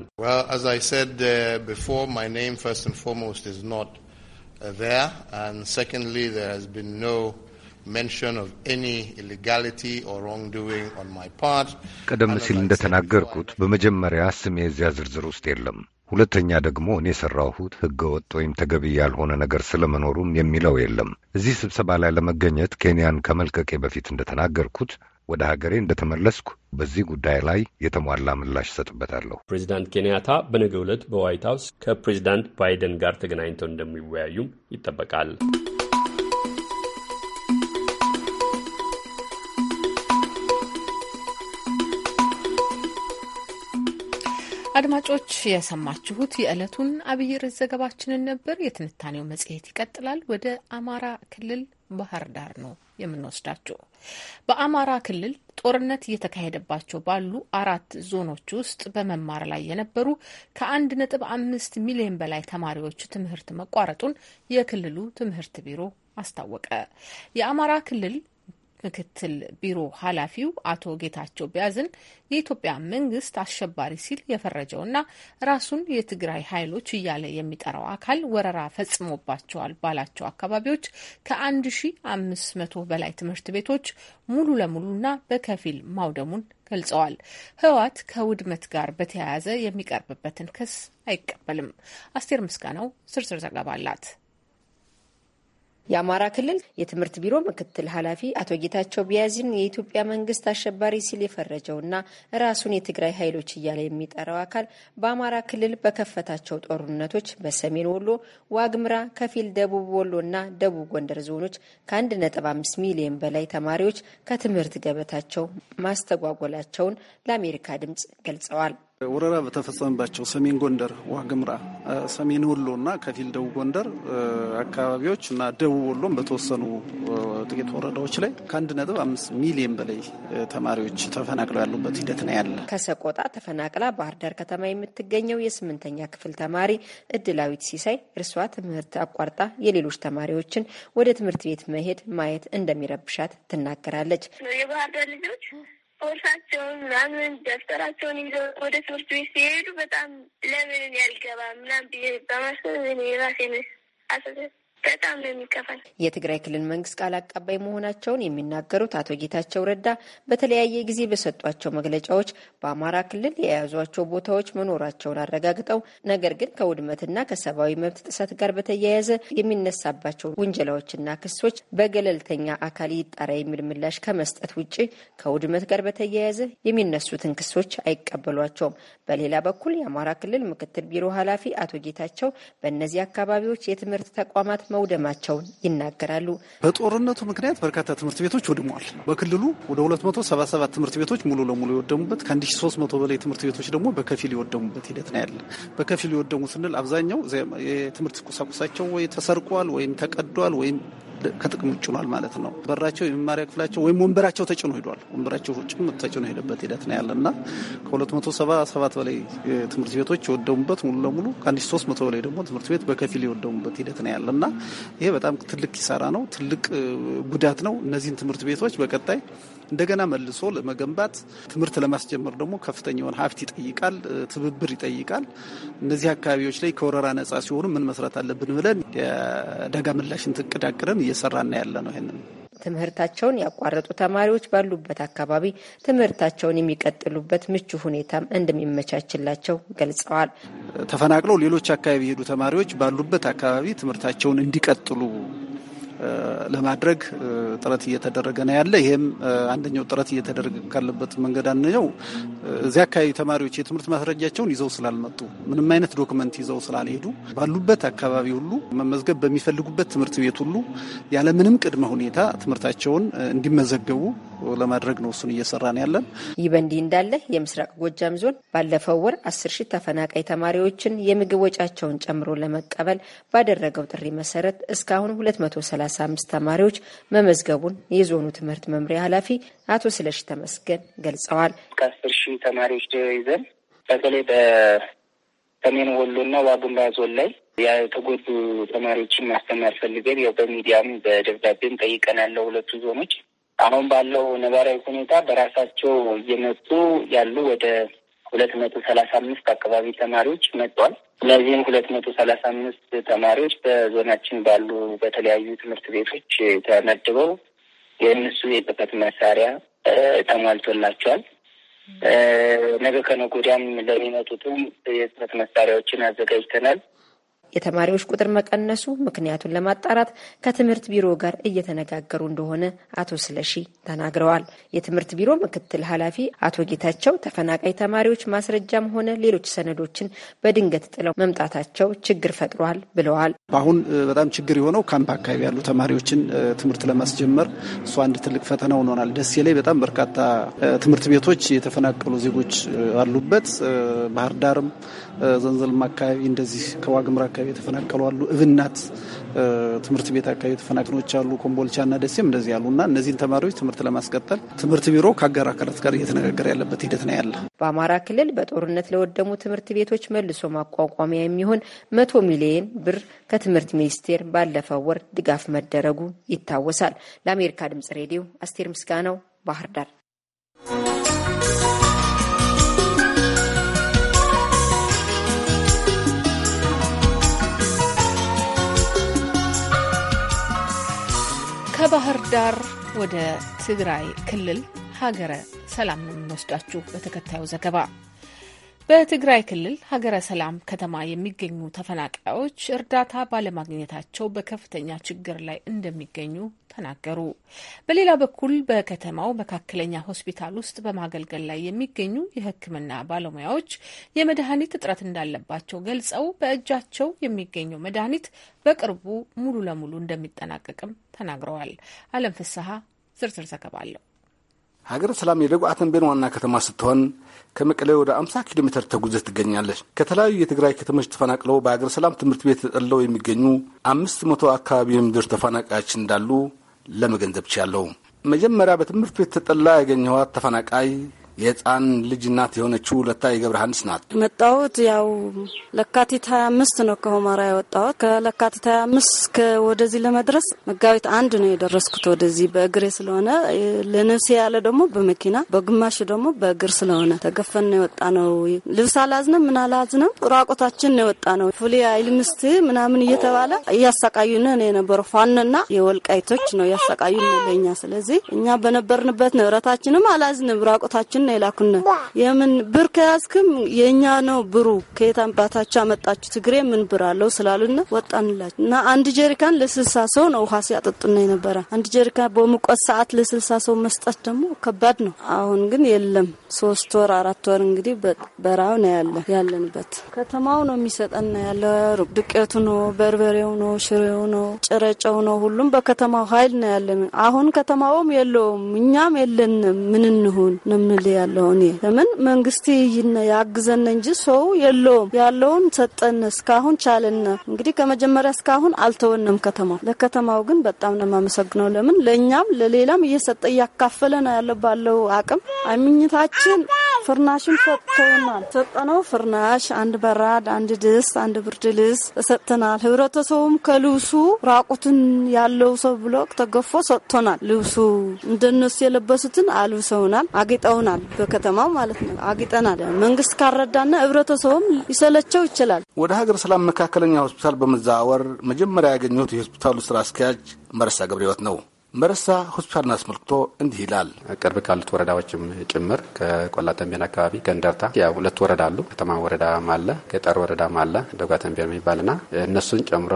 Uh, there. And secondly, there has been no ቀደም ሲል እንደተናገርኩት በመጀመሪያ ስሜ እዚያ ዝርዝር ውስጥ የለም። ሁለተኛ ደግሞ እኔ የሠራሁት ወጥ ወይም ተገቢ ያልሆነ ነገር ስለመኖሩም የሚለው የለም። እዚህ ስብሰባ ላይ ለመገኘት ኬንያን ከመልቀቄ በፊት እንደተናገርኩት ወደ ሀገሬ እንደተመለስኩ በዚህ ጉዳይ ላይ የተሟላ ምላሽ ሰጥበታለሁ። ፕሬዚዳንት ኬንያታ በነገ ዕለት በዋይት ሀውስ ከፕሬዚዳንት ባይደን ጋር ተገናኝተው እንደሚወያዩም ይጠበቃል። አድማጮች የሰማችሁት የዕለቱን አብይ ርዕስ ዘገባችንን ነበር። የትንታኔው መጽሔት ይቀጥላል። ወደ አማራ ክልል ባህር ዳር ነው የምንወስዳችሁ። በአማራ ክልል ጦርነት እየተካሄደባቸው ባሉ አራት ዞኖች ውስጥ በመማር ላይ የነበሩ ከአንድ ነጥብ አምስት ሚሊዮን በላይ ተማሪዎች ትምህርት መቋረጡን የክልሉ ትምህርት ቢሮ አስታወቀ። የአማራ ክልል ምክትል ቢሮ ኃላፊው አቶ ጌታቸው ቢያዝን የኢትዮጵያ መንግስት አሸባሪ ሲል የፈረጀውና ራሱን የትግራይ ኃይሎች እያለ የሚጠራው አካል ወረራ ፈጽሞባቸዋል ባላቸው አካባቢዎች ከ1500 በላይ ትምህርት ቤቶች ሙሉ ለሙሉና በከፊል ማውደሙን ገልጸዋል። ህወሓት ከውድመት ጋር በተያያዘ የሚቀርብበትን ክስ አይቀበልም። አስቴር ምስጋናው ዝርዝር ዘገባ አላት። የአማራ ክልል የትምህርት ቢሮ ምክትል ኃላፊ አቶ ጌታቸው ቢያዚን የኢትዮጵያ መንግስት አሸባሪ ሲል የፈረጀውና ራሱን የትግራይ ኃይሎች እያለ የሚጠራው አካል በአማራ ክልል በከፈታቸው ጦርነቶች በሰሜን ወሎ፣ ዋግምራ፣ ከፊል ደቡብ ወሎና ደቡብ ጎንደር ዞኖች ከ1.5 ሚሊዮን በላይ ተማሪዎች ከትምህርት ገበታቸው ማስተጓጎላቸውን ለአሜሪካ ድምጽ ገልጸዋል። ወረራ በተፈጸመባቸው ሰሜን ጎንደር፣ ዋግምራ፣ ሰሜን ወሎ እና ከፊል ደቡብ ጎንደር አካባቢዎች እና ደቡብ ወሎም በተወሰኑ ጥቂት ወረዳዎች ላይ ከአንድ ነጥብ አምስት ሚሊዮን በላይ ተማሪዎች ተፈናቅለው ያሉበት ሂደት ነው ያለ። ከሰቆጣ ተፈናቅላ ባህር ዳር ከተማ የምትገኘው የስምንተኛ ክፍል ተማሪ እድላዊት ሲሳይ እርሷ ትምህርት አቋርጣ የሌሎች ተማሪዎችን ወደ ትምህርት ቤት መሄድ ማየት እንደሚረብሻት ትናገራለች። የባህር ዳር ልጆች ቦርሳቸውን ምናምን ደብተራቸውን ይዘው ወደ ትምህርት ቤት ሲሄዱ በጣም ለምንን ያልገባ ምናምን ብዬ በማሰብ ራሴ አሰ በጣም ነው የሚከፋል። የትግራይ ክልል መንግስት ቃል አቀባይ መሆናቸውን የሚናገሩት አቶ ጌታቸው ረዳ በተለያየ ጊዜ በሰጧቸው መግለጫዎች በአማራ ክልል የያዟቸው ቦታዎች መኖራቸውን አረጋግጠው ነገር ግን ከውድመትና ከሰብአዊ መብት ጥሰት ጋር በተያያዘ የሚነሳባቸው ውንጀላዎችና ክሶች በገለልተኛ አካል ይጣራ የሚል ምላሽ ከመስጠት ውጭ ከውድመት ጋር በተያያዘ የሚነሱትን ክሶች አይቀበሏቸውም። በሌላ በኩል የአማራ ክልል ምክትል ቢሮ ኃላፊ አቶ ጌታቸው በእነዚህ አካባቢዎች የትምህርት ተቋማት መውደማቸውን ይናገራሉ። በጦርነቱ ምክንያት በርካታ ትምህርት ቤቶች ወድመዋል። በክልሉ ወደ 277 ትምህርት ቤቶች ሙሉ ለሙሉ የወደሙበት ከ1300 በላይ ትምህርት ቤቶች ደግሞ በከፊል የወደሙበት ሂደት ነው ያለ። በከፊል የወደሙ ስንል አብዛኛው የትምህርት ቁሳቁሳቸው ወይ ተሰርቋል ወይም ተቀዷል ወይም ከጥቅም ውጭ ሆኗል ማለት ነው። በራቸው የመማሪያ ክፍላቸው ወይም ወንበራቸው ተጭኖ ሄዷል። ወንበራቸው ጭምር ተጭኖ ሄደበት ሂደት ነው ያለና ከ277 በላይ ትምህርት ቤቶች የወደሙበት ሙሉ ለሙሉ ሶስት መቶ በላይ ደግሞ ትምህርት ቤት በከፊል የወደሙበት ሂደት ነው ያለና ይሄ በጣም ትልቅ ኪሳራ ነው፣ ትልቅ ጉዳት ነው። እነዚህን ትምህርት ቤቶች በቀጣይ እንደገና መልሶ ለመገንባት ትምህርት ለማስጀመር ደግሞ የሆነ ሀብት ይጠይቃል፣ ትብብር ይጠይቃል። እነዚህ አካባቢዎች ላይ ከወረራ ነጻ ሲሆኑ ምን መስራት አለብን ብለን የአደጋ ምላሽን እቅድ አቅደን እየሰራና ያለ ነው። ይህንን ትምህርታቸውን ያቋረጡ ተማሪዎች ባሉበት አካባቢ ትምህርታቸውን የሚቀጥሉበት ምቹ ሁኔታም እንደሚመቻችላቸው ገልጸዋል። ተፈናቅለው ሌሎች አካባቢ የሄዱ ተማሪዎች ባሉበት አካባቢ ትምህርታቸውን እንዲቀጥሉ ለማድረግ ጥረት እየተደረገ ነው ያለ። ይህም አንደኛው ጥረት እየተደረገ ካለበት መንገድ አንደኛው እዚያ አካባቢ ተማሪዎች የትምህርት ማስረጃቸውን ይዘው ስላልመጡ፣ ምንም አይነት ዶክመንት ይዘው ስላልሄዱ ባሉበት አካባቢ ሁሉ መመዝገብ በሚፈልጉበት ትምህርት ቤት ሁሉ ያለምንም ቅድመ ሁኔታ ትምህርታቸውን እንዲመዘገቡ ለማድረግ ነው እሱን እየሰራን ያለን። ይህ በእንዲህ እንዳለ የምስራቅ ጎጃም ዞን ባለፈው ወር አስር ሺህ ተፈናቃይ ተማሪዎችን የምግብ ወጫቸውን ጨምሮ ለመቀበል ባደረገው ጥሪ መሰረት እስካሁን አምስት ተማሪዎች መመዝገቡን የዞኑ ትምህርት መምሪያ ኃላፊ አቶ ስለሽ ተመስገን ገልጸዋል። ከአስር ሺህ ተማሪዎች ይዘን በተለይ በሰሜን ወሎና ዋግምራ ዞን ላይ የተጎዱ ተማሪዎችን ማስተማር ፈልገን ያው በሚዲያም በደብዳቤም ጠይቀናል። ሁለቱ ዞኖች አሁን ባለው ነባራዊ ሁኔታ በራሳቸው እየመጡ ያሉ ወደ ሁለት መቶ ሰላሳ አምስት አካባቢ ተማሪዎች መጥተዋል። እነዚህም ሁለት መቶ ሰላሳ አምስት ተማሪዎች በዞናችን ባሉ በተለያዩ ትምህርት ቤቶች ተመድበው የእነሱ የጽህፈት መሳሪያ ተሟልቶላቸዋል። ነገ ከነገ ወዲያም ለሚመጡትም የጽህፈት መሳሪያዎችን አዘጋጅተናል። የተማሪዎች ቁጥር መቀነሱ ምክንያቱን ለማጣራት ከትምህርት ቢሮ ጋር እየተነጋገሩ እንደሆነ አቶ ስለሺ ተናግረዋል። የትምህርት ቢሮ ምክትል ኃላፊ አቶ ጌታቸው ተፈናቃይ ተማሪዎች ማስረጃም ሆነ ሌሎች ሰነዶችን በድንገት ጥለው መምጣታቸው ችግር ፈጥሯል ብለዋል። አሁን በጣም ችግር የሆነው ካምፕ አካባቢ ያሉ ተማሪዎችን ትምህርት ለማስጀመር እሱ አንድ ትልቅ ፈተና ሆኗል። ደሴ ላይ በጣም በርካታ ትምህርት ቤቶች የተፈናቀሉ ዜጎች አሉበት። ባህር ዳርም ዘንዘልማ አካባቢ እንደዚህ ከዋግምር አካባቢ የተፈናቀሉ አሉ። እብናት ትምህርት ቤት አካባቢ የተፈናቅኖች አሉ። ኮምቦልቻና ደሴም እንደዚህ ያሉ እና እነዚህን ተማሪዎች ትምህርት ለማስቀጠል ትምህርት ቢሮ ከአጋር አካላት ጋር እየተነጋገረ ያለበት ሂደት ነው ያለ። በአማራ ክልል በጦርነት ለወደሙ ትምህርት ቤቶች መልሶ ማቋቋሚያ የሚሆን መቶ ሚሊየን ብር ከትምህርት ሚኒስቴር ባለፈው ወር ድጋፍ መደረጉ ይታወሳል። ለአሜሪካ ድምጽ ሬዲዮ አስቴር ምስጋናው ባህር ዳር ከባህር ዳር ወደ ትግራይ ክልል ሀገረ ሰላም ነው የምንወስዳችሁ በተከታዩ ዘገባ በትግራይ ክልል ሀገረ ሰላም ከተማ የሚገኙ ተፈናቃዮች እርዳታ ባለማግኘታቸው በከፍተኛ ችግር ላይ እንደሚገኙ ተናገሩ። በሌላ በኩል በከተማው መካከለኛ ሆስፒታል ውስጥ በማገልገል ላይ የሚገኙ የሕክምና ባለሙያዎች የመድኃኒት እጥረት እንዳለባቸው ገልጸው በእጃቸው የሚገኘው መድኃኒት በቅርቡ ሙሉ ለሙሉ እንደሚጠናቀቅም ተናግረዋል። አለም ፍስሀ ዝርዝር ዘገባ አለው። ሀገረ ሰላም የደቡብ አተንቤን ዋና ከተማ ስትሆን ከመቀለ ወደ 50 ኪሎ ሜትር ተጉዘት ትገኛለች። ከተለያዩ የትግራይ ከተሞች ተፈናቅለው በሀገረ ሰላም ትምህርት ቤት ተጠልለው የሚገኙ አምስት መቶ አካባቢ የምድር ተፈናቃዮች እንዳሉ ለመገንዘብ ችያለሁ። መጀመሪያ በትምህርት ቤት ተጠላ ያገኘኋት ተፈናቃይ የህፃን ልጅ እናት የሆነችው ሁለታ የገብረሃንስ ናት። የመጣሁት ያው ለካቲት ሀያ አምስት ነው ከሆማራ የወጣሁት። ከለካቲት ሀያ አምስት ወደዚህ ለመድረስ መጋቢት አንድ ነው የደረስኩት ወደዚህ በእግሬ ስለሆነ ልንስ ያለ ደግሞ በመኪና በግማሽ ደግሞ በእግር ስለሆነ ተገፈን የወጣ ነው። ልብስ አላዝንም ምን አላዝንም ራቆታችን ነው የወጣ ነው። ፉሊ አይልምስት ምናምን እየተባለ እያሳቃዩን ነው የነበረ ፋንና የወልቃይቶች ነው እያሳቃዩን ለኛ። ስለዚህ እኛ በነበርንበት ንብረታችንም አላዝንም ራቆታችን ነው የላኩን። የምን ብር ከያዝክም የእኛ ነው ብሩ ከየት አባታችሁ አመጣችሁ ትግሬ ምን ብር አለው ስላሉና ወጣንላችሁ እና አንድ ጀሪካን ለስልሳ ሰው ነው ውሃ ሲያጠጡና የነበረ አንድ ጀሪካን በሙቀት ሰዓት ለስልሳ ሰው መስጠት ደግሞ ከባድ ነው። አሁን ግን የለም ሶስት ወር አራት ወር እንግዲህ በራው ነው ያለ ያለንበት ከተማው ነው የሚሰጠና ያለ ዱቄቱ ነው በርበሬው ነው ሽሬው ነው ጭረጨው ነው ሁሉም በከተማው ሀይል ነው ያለ አሁን ከተማውም የለውም እኛም የለንም። ምን እንሁን ንምል ያለው እኔ ለምን መንግስት ያግዘን እንጂ ሰው የለውም። ያለውን ሰጠን እስካሁን ቻልን። እንግዲህ ከመጀመሪያ እስካሁን አልተወንም። ከተማው ለከተማው ግን በጣም ነው የማመሰግነው። ለምን ለእኛም ለሌላም እየሰጠ እያካፈለ ነው ያለው ባለው አቅም አምኝታችን ፍርናሽን ሰጥተውናል። ሰጠነው ፍርናሽ፣ አንድ በራድ፣ አንድ ድስት፣ አንድ ብርድ ልብስ ሰጥተናል። ህብረተሰቡም ከልብሱ ራቁትን ያለው ሰው ብሎ ተገፎ ሰጥቶናል። ልብሱ እንደነሱ የለበሱትን አልብሰውናል፣ አጌጠውናል። በከተማው ማለት ነው አጊጠናል። መንግስት ካረዳና ህብረተሰቡም ሊሰለቸው ይችላል። ወደ ሀገር ሰላም መካከለኛ ሆስፒታል በመዛወር መጀመሪያ ያገኘሁት የሆስፒታሉ ስራ አስኪያጅ መረሳ ገብረ ነው። መርሳ ሆስፒታልን አስመልክቶ እንዲህ ይላል። ቅርብ ካሉት ወረዳዎችም ጭምር ከቆላ ከቆላተንቤን አካባቢ ከእንደርታ ያው ሁለት ወረዳ አሉ። ከተማ ወረዳም አለ፣ ገጠር ወረዳም አለ፣ ደጓተንቤን የሚባልና እነሱን ጨምሮ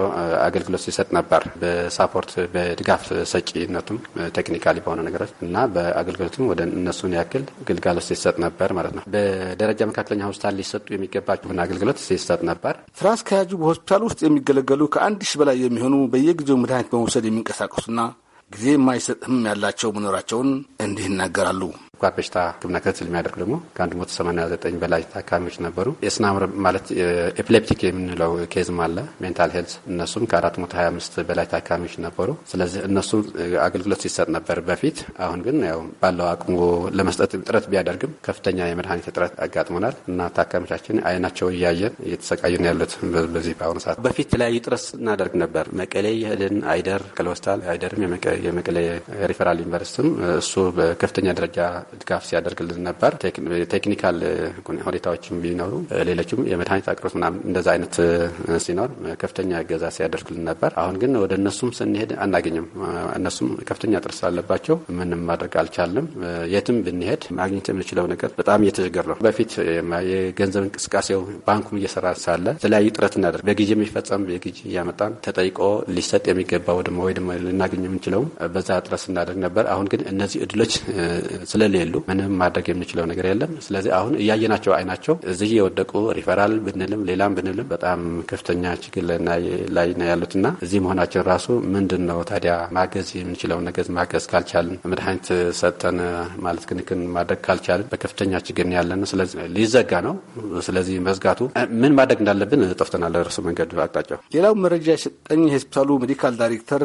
አገልግሎት ሲሰጥ ነበር። በሳፖርት በድጋፍ ሰጪነቱም ቴክኒካሊ በሆነ ነገሮች እና በአገልግሎትም ወደ እነሱን ያክል ግልጋሎት ሲሰጥ ነበር ማለት ነው። በደረጃ መካከለኛ ሆስፒታል ሊሰጡ የሚገባቸውን አገልግሎት ሲሰጥ ነበር። ስራ አስኪያጁ በሆስፒታል ውስጥ የሚገለገሉ ከአንድ ሺህ በላይ የሚሆኑ በየጊዜው መድኃኒት በመውሰድ የሚንቀሳቀሱና ጊዜ የማይሰጥም ያላቸው መኖራቸውን እንዲህ ይናገራሉ። የስኳር በሽታ ሕክምና ክትትል የሚያደርጉ ደግሞ ከአንድ መቶ በላይ ታካሚዎች ነበሩ። የስናምር ማለት ኤፕሌፕቲክ የምንለው ኬዝም አለ ሜንታል ሄልት እነሱም ከአራት መቶ በላይ ታካሚዎች ነበሩ። ስለዚህ እነሱ አገልግሎት ሲሰጥ ነበር በፊት። አሁን ግን ያው ባለው አቅሙ ለመስጠት ጥረት ቢያደርግም ከፍተኛ የመድኃኒት እጥረት አጋጥሞናል እና ታካሚዎቻችን አይናቸው እያየን እየተሰቃዩ ነው ያሉት። በዚህ በአሁኑ ሰዓት በፊት የተለያዩ ጥረት እናደርግ ነበር። መቀሌ ይህልን አይደር ክለወስታል አይደርም የመቀሌ ሪፈራል ዩኒቨርሲቲም እሱ በከፍተኛ ደረጃ ድጋፍ ሲያደርግልን ነበር። ቴክኒካል ሁኔታዎችም ቢኖሩ ሌሎችም የመድኃኒት አቅርቦት ምናምን እንደዛ አይነት ሲኖር ከፍተኛ እገዛ ሲያደርግልን ነበር። አሁን ግን ወደ እነሱም ስንሄድ አናገኝም። እነሱም ከፍተኛ ጥርስ ስላለባቸው ምንም ማድረግ አልቻልንም። የትም ብንሄድ ማግኘት የምንችለው ነገር በጣም እየተቸገር ነው። በፊት የገንዘብ እንቅስቃሴው ባንኩም እየሰራ ሳለ የተለያዩ ጥረት እናደርግ በጊዜ የሚፈጸም የግጅ እያመጣን ተጠይቆ ሊሰጥ የሚገባው ወይ ልናገኝ የምንችለውም በዛ ጥረት ስናደርግ ነበር። አሁን ግን እነዚህ እድሎች ስለሌ የሉ። ምንም ማድረግ የምንችለው ነገር የለም። ስለዚህ አሁን እያየናቸው አይናቸው እዚህ የወደቁ ሪፈራል ብንልም ሌላም ብንልም በጣም ከፍተኛ ችግር ላይ ነው ያሉትና እዚህ መሆናቸው ራሱ ምንድን ነው ታዲያ ማገዝ የምንችለው ነገር ማገዝ ካልቻልን መድኃኒት ሰጠን ማለት ክንክን ማድረግ ካልቻልን በከፍተኛ ችግር ያለን። ስለዚህ ሊዘጋ ነው። ስለዚህ መዝጋቱ ምን ማድረግ እንዳለብን ጠፍተናል። እርሱ መንገድ አቅጣጫው ሌላው መረጃ የሰጠኝ የሆስፒታሉ ሜዲካል ዳይሬክተር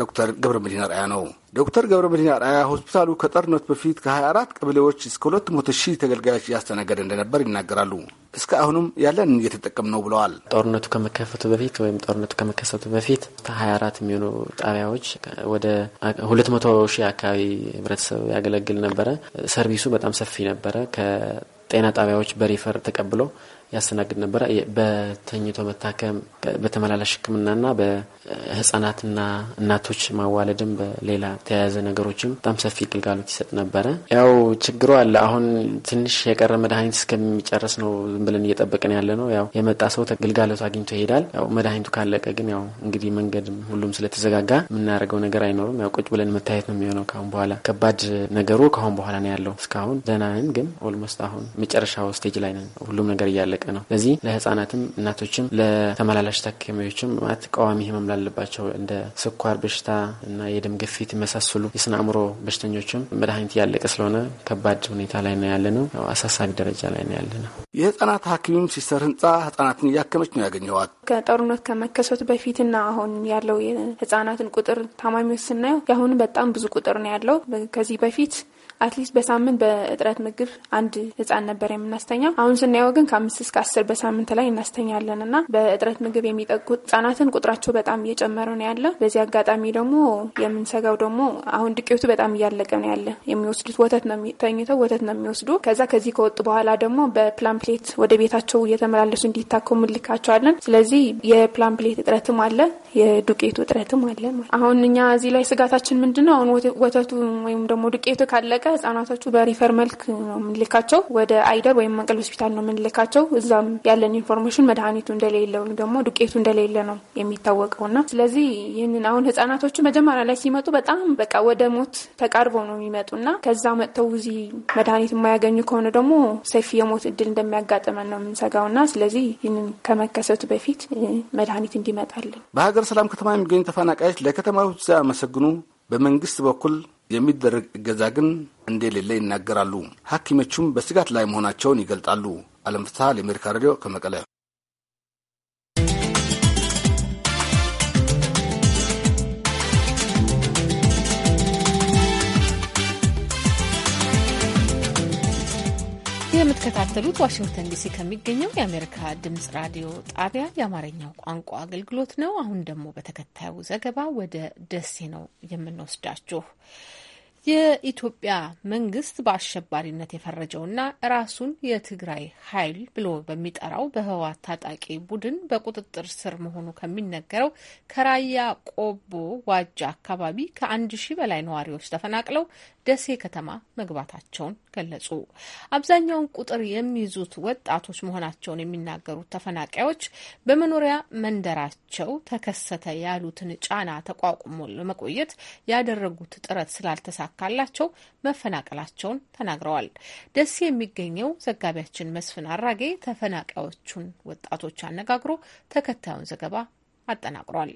ዶክተር ገብረ መዲና ራያ ነው። ዶክተር ገብረ መዲና ራያ ሆስፒታሉ ከጦርነት በፊት ከ24 ቀበሌዎች እስከ 200 ሺህ ተገልጋዮች እያስተናገደ እንደነበር ይናገራሉ። እስከ አሁኑም ያለን እየተጠቀም ነው ብለዋል። ጦርነቱ ከመከፈቱ በፊት ወይም ጦርነቱ ከመከሰቱ በፊት 24 የሚሆኑ ጣቢያዎች ወደ 200 ሺህ አካባቢ ህብረተሰብ ያገለግል ነበረ። ሰርቪሱ በጣም ሰፊ ነበረ። ከጤና ጣቢያዎች በሪፈር ተቀብሎ ያስተናግድ ነበረ። በተኝቶ መታከም፣ በተመላላሽ ሕክምናና በህጻናትና እናቶች ማዋለድም በሌላ ተያያዘ ነገሮችም በጣም ሰፊ ግልጋሎት ይሰጥ ነበረ። ያው ችግሩ አለ። አሁን ትንሽ የቀረ መድኃኒት እስከሚጨርስ ነው ዝም ብለን እየጠበቅን ያለ ነው። ያው የመጣ ሰው ግልጋሎቱ አግኝቶ ይሄዳል። ያው መድኃኒቱ ካለቀ ግን ያው እንግዲህ መንገድ ሁሉም ስለተዘጋጋ የምናደርገው ነገር አይኖርም። ያው ቁጭ ብለን መታየት ነው የሚሆነው ካሁን በኋላ። ከባድ ነገሩ ከአሁን በኋላ ነው ያለው። እስካሁን ደህና ነን፣ ግን ኦልሞስት አሁን መጨረሻው ስቴጅ ላይ ነን። ሁሉም ነገር እያለቀ የታወቀ ነው። ለዚህ ለህጻናትም እናቶችም ለተመላላሽ ታካሚዎችም ማለት ቀዋሚ ህመም ላለባቸው እንደ ስኳር በሽታ እና የደም ግፊት የመሳሰሉ የስነ አእምሮ በሽተኞችም መድኃኒት ያለቀ ስለሆነ ከባድ ሁኔታ ላይ ነው ያለ ነው። አሳሳቢ ደረጃ ላይ ነው ያለ ነው። የህጻናት ሐኪም ሲስተር ህንጻ ህጻናትን እያከመች ነው ያገኘዋል። ከጦርነት ከመከሰቱ በፊትና አሁን ያለው የህጻናትን ቁጥር ታማሚዎች ስናየው የአሁኑ በጣም ብዙ ቁጥር ነው ያለው። ከዚህ በፊት አትሊስት በሳምንት በእጥረት ምግብ አንድ ህጻን ነበር የምናስተኛው። አሁን ስናየው ግን ከአምስት እስከ አስር በሳምንት ላይ እናስተኛለን እና በእጥረት ምግብ የሚጠቁ ህጻናትን ቁጥራቸው በጣም እየጨመረ ነው ያለ። በዚህ አጋጣሚ ደግሞ የምንሰጋው ደግሞ አሁን ዱቄቱ በጣም እያለቀ ነው ያለ። የሚወስዱት ወተት ነው ተኝተው ወተት ነው የሚወስዱ። ከዛ ከዚህ ከወጡ በኋላ ደግሞ በፕላምፕሌት ወደ ቤታቸው እየተመላለሱ እንዲታከሙ ምልካቸዋለን። ስለዚህ የፕላምፕሌት እጥረትም አለ፣ የዱቄቱ እጥረትም አለ። አሁን እኛ እዚህ ላይ ስጋታችን ምንድነው? አሁን ወተቱ ወይም ደግሞ ዱቄቱ ካለቀ ህጻናቶቹ በሪፈር መልክ ነው የምንልካቸው። ወደ አይደር ወይም መቀል ሆስፒታል ነው የምንልካቸው። እዛም ያለን ኢንፎርሜሽን መድኃኒቱ እንደሌለ ወይም ደግሞ ዱቄቱ እንደሌለ ነው የሚታወቀው እና ስለዚህ ይህንን አሁን ህጻናቶቹ መጀመሪያ ላይ ሲመጡ በጣም በቃ ወደ ሞት ተቃርበው ነው የሚመጡ እና ከዛ መጥተው እዚህ መድኃኒት የማያገኙ ከሆነ ደግሞ ሰፊ የሞት እድል እንደሚያጋጥመን ነው የምንሰጋው እና ስለዚህ ይህንን ከመከሰቱ በፊት መድኃኒት እንዲመጣልን በሀገር ሰላም ከተማ የሚገኙ ተፈናቃዮች ለከተማ ሲያመሰግኑ በመንግስት በኩል የሚደረግ እገዛ ግን እንደሌለ ይናገራሉ። ሐኪሞቹም በስጋት ላይ መሆናቸውን ይገልጣሉ። አለም ፍስሐ ለአሜሪካ ሬዲዮ ከመቀለ። የምትከታተሉት ዋሽንግተን ዲሲ ከሚገኘው የአሜሪካ ድምጽ ራዲዮ ጣቢያ የአማርኛው ቋንቋ አገልግሎት ነው። አሁን ደግሞ በተከታዩ ዘገባ ወደ ደሴ ነው የምንወስዳችሁ። የኢትዮጵያ መንግስት በአሸባሪነት የፈረጀውና ራሱን የትግራይ ኃይል ብሎ በሚጠራው በህወሓት ታጣቂ ቡድን በቁጥጥር ስር መሆኑ ከሚነገረው ከራያ ቆቦ ዋጃ አካባቢ ከአንድ ሺህ በላይ ነዋሪዎች ተፈናቅለው ደሴ ከተማ መግባታቸውን ገለጹ። አብዛኛውን ቁጥር የሚይዙት ወጣቶች መሆናቸውን የሚናገሩት ተፈናቃዮች በመኖሪያ መንደራቸው ተከሰተ ያሉትን ጫና ተቋቁሞ ለመቆየት ያደረጉት ጥረት ስላልተሳካላቸው መፈናቀላቸውን ተናግረዋል። ደሴ የሚገኘው ዘጋቢያችን መስፍን አራጌ ተፈናቃዮቹን ወጣቶች አነጋግሮ ተከታዩን ዘገባ አጠናቅሯል።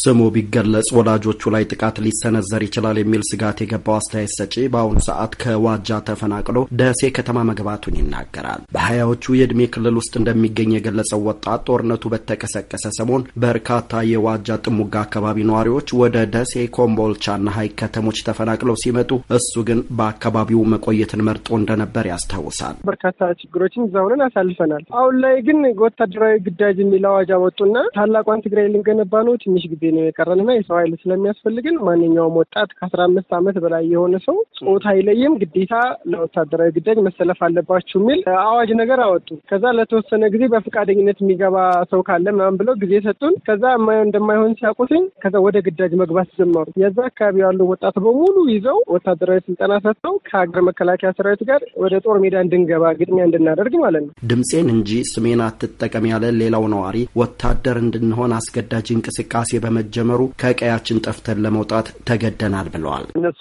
ስሙ ቢገለጽ ወላጆቹ ላይ ጥቃት ሊሰነዘር ይችላል የሚል ስጋት የገባው አስተያየት ሰጪ በአሁኑ ሰዓት ከዋጃ ተፈናቅሎ ደሴ ከተማ መግባቱን ይናገራል። በሀያዎቹ የዕድሜ ክልል ውስጥ እንደሚገኝ የገለጸው ወጣት ጦርነቱ በተቀሰቀሰ ሰሞን በርካታ የዋጃ ጥሙጋ አካባቢ ነዋሪዎች ወደ ደሴ፣ ኮምቦልቻና ሀይቅ ከተሞች ተፈናቅለው ሲመጡ እሱ ግን በአካባቢው መቆየትን መርጦ እንደነበር ያስታውሳል። በርካታ ችግሮችን እዛ ሆነን አሳልፈናል። አሁን ላይ ግን ወታደራዊ ግዳጅ የሚል አዋጅ አወጡና ታላቋን ትግራይ ልንገነባ ነው ትንሽ ጊዜ ነው የቀረንና የሰው ኃይል ስለሚያስፈልግን ማንኛውም ወጣት ከአስራ አምስት ዓመት በላይ የሆነ ሰው ጾታ አይለይም፣ ግዴታ ለወታደራዊ ግዳጅ መሰለፍ አለባችሁ የሚል አዋጅ ነገር አወጡ። ከዛ ለተወሰነ ጊዜ በፈቃደኝነት የሚገባ ሰው ካለ ምናምን ብለው ጊዜ ሰጡን። ከዛ እንደማይሆን ሲያውቁትኝ ከዛ ወደ ግዳጅ መግባት ጀመሩ። የዛ አካባቢ ያሉ ወጣት በሙሉ ይዘው ወታደራዊ ስልጠና ሰጥተው ከሀገር መከላከያ ሰራዊት ጋር ወደ ጦር ሜዳ እንድንገባ ግጥሚያ እንድናደርግ ማለት ነው። ድምፄን እንጂ ስሜን አትጠቀም ያለ ሌላው ነዋሪ ወታደር እንድንሆን አስገዳጅ እንቅስቃሴ በመጀመሩ ከቀያችን ጠፍተን ለመውጣት ተገደናል ብለዋል። እነሱ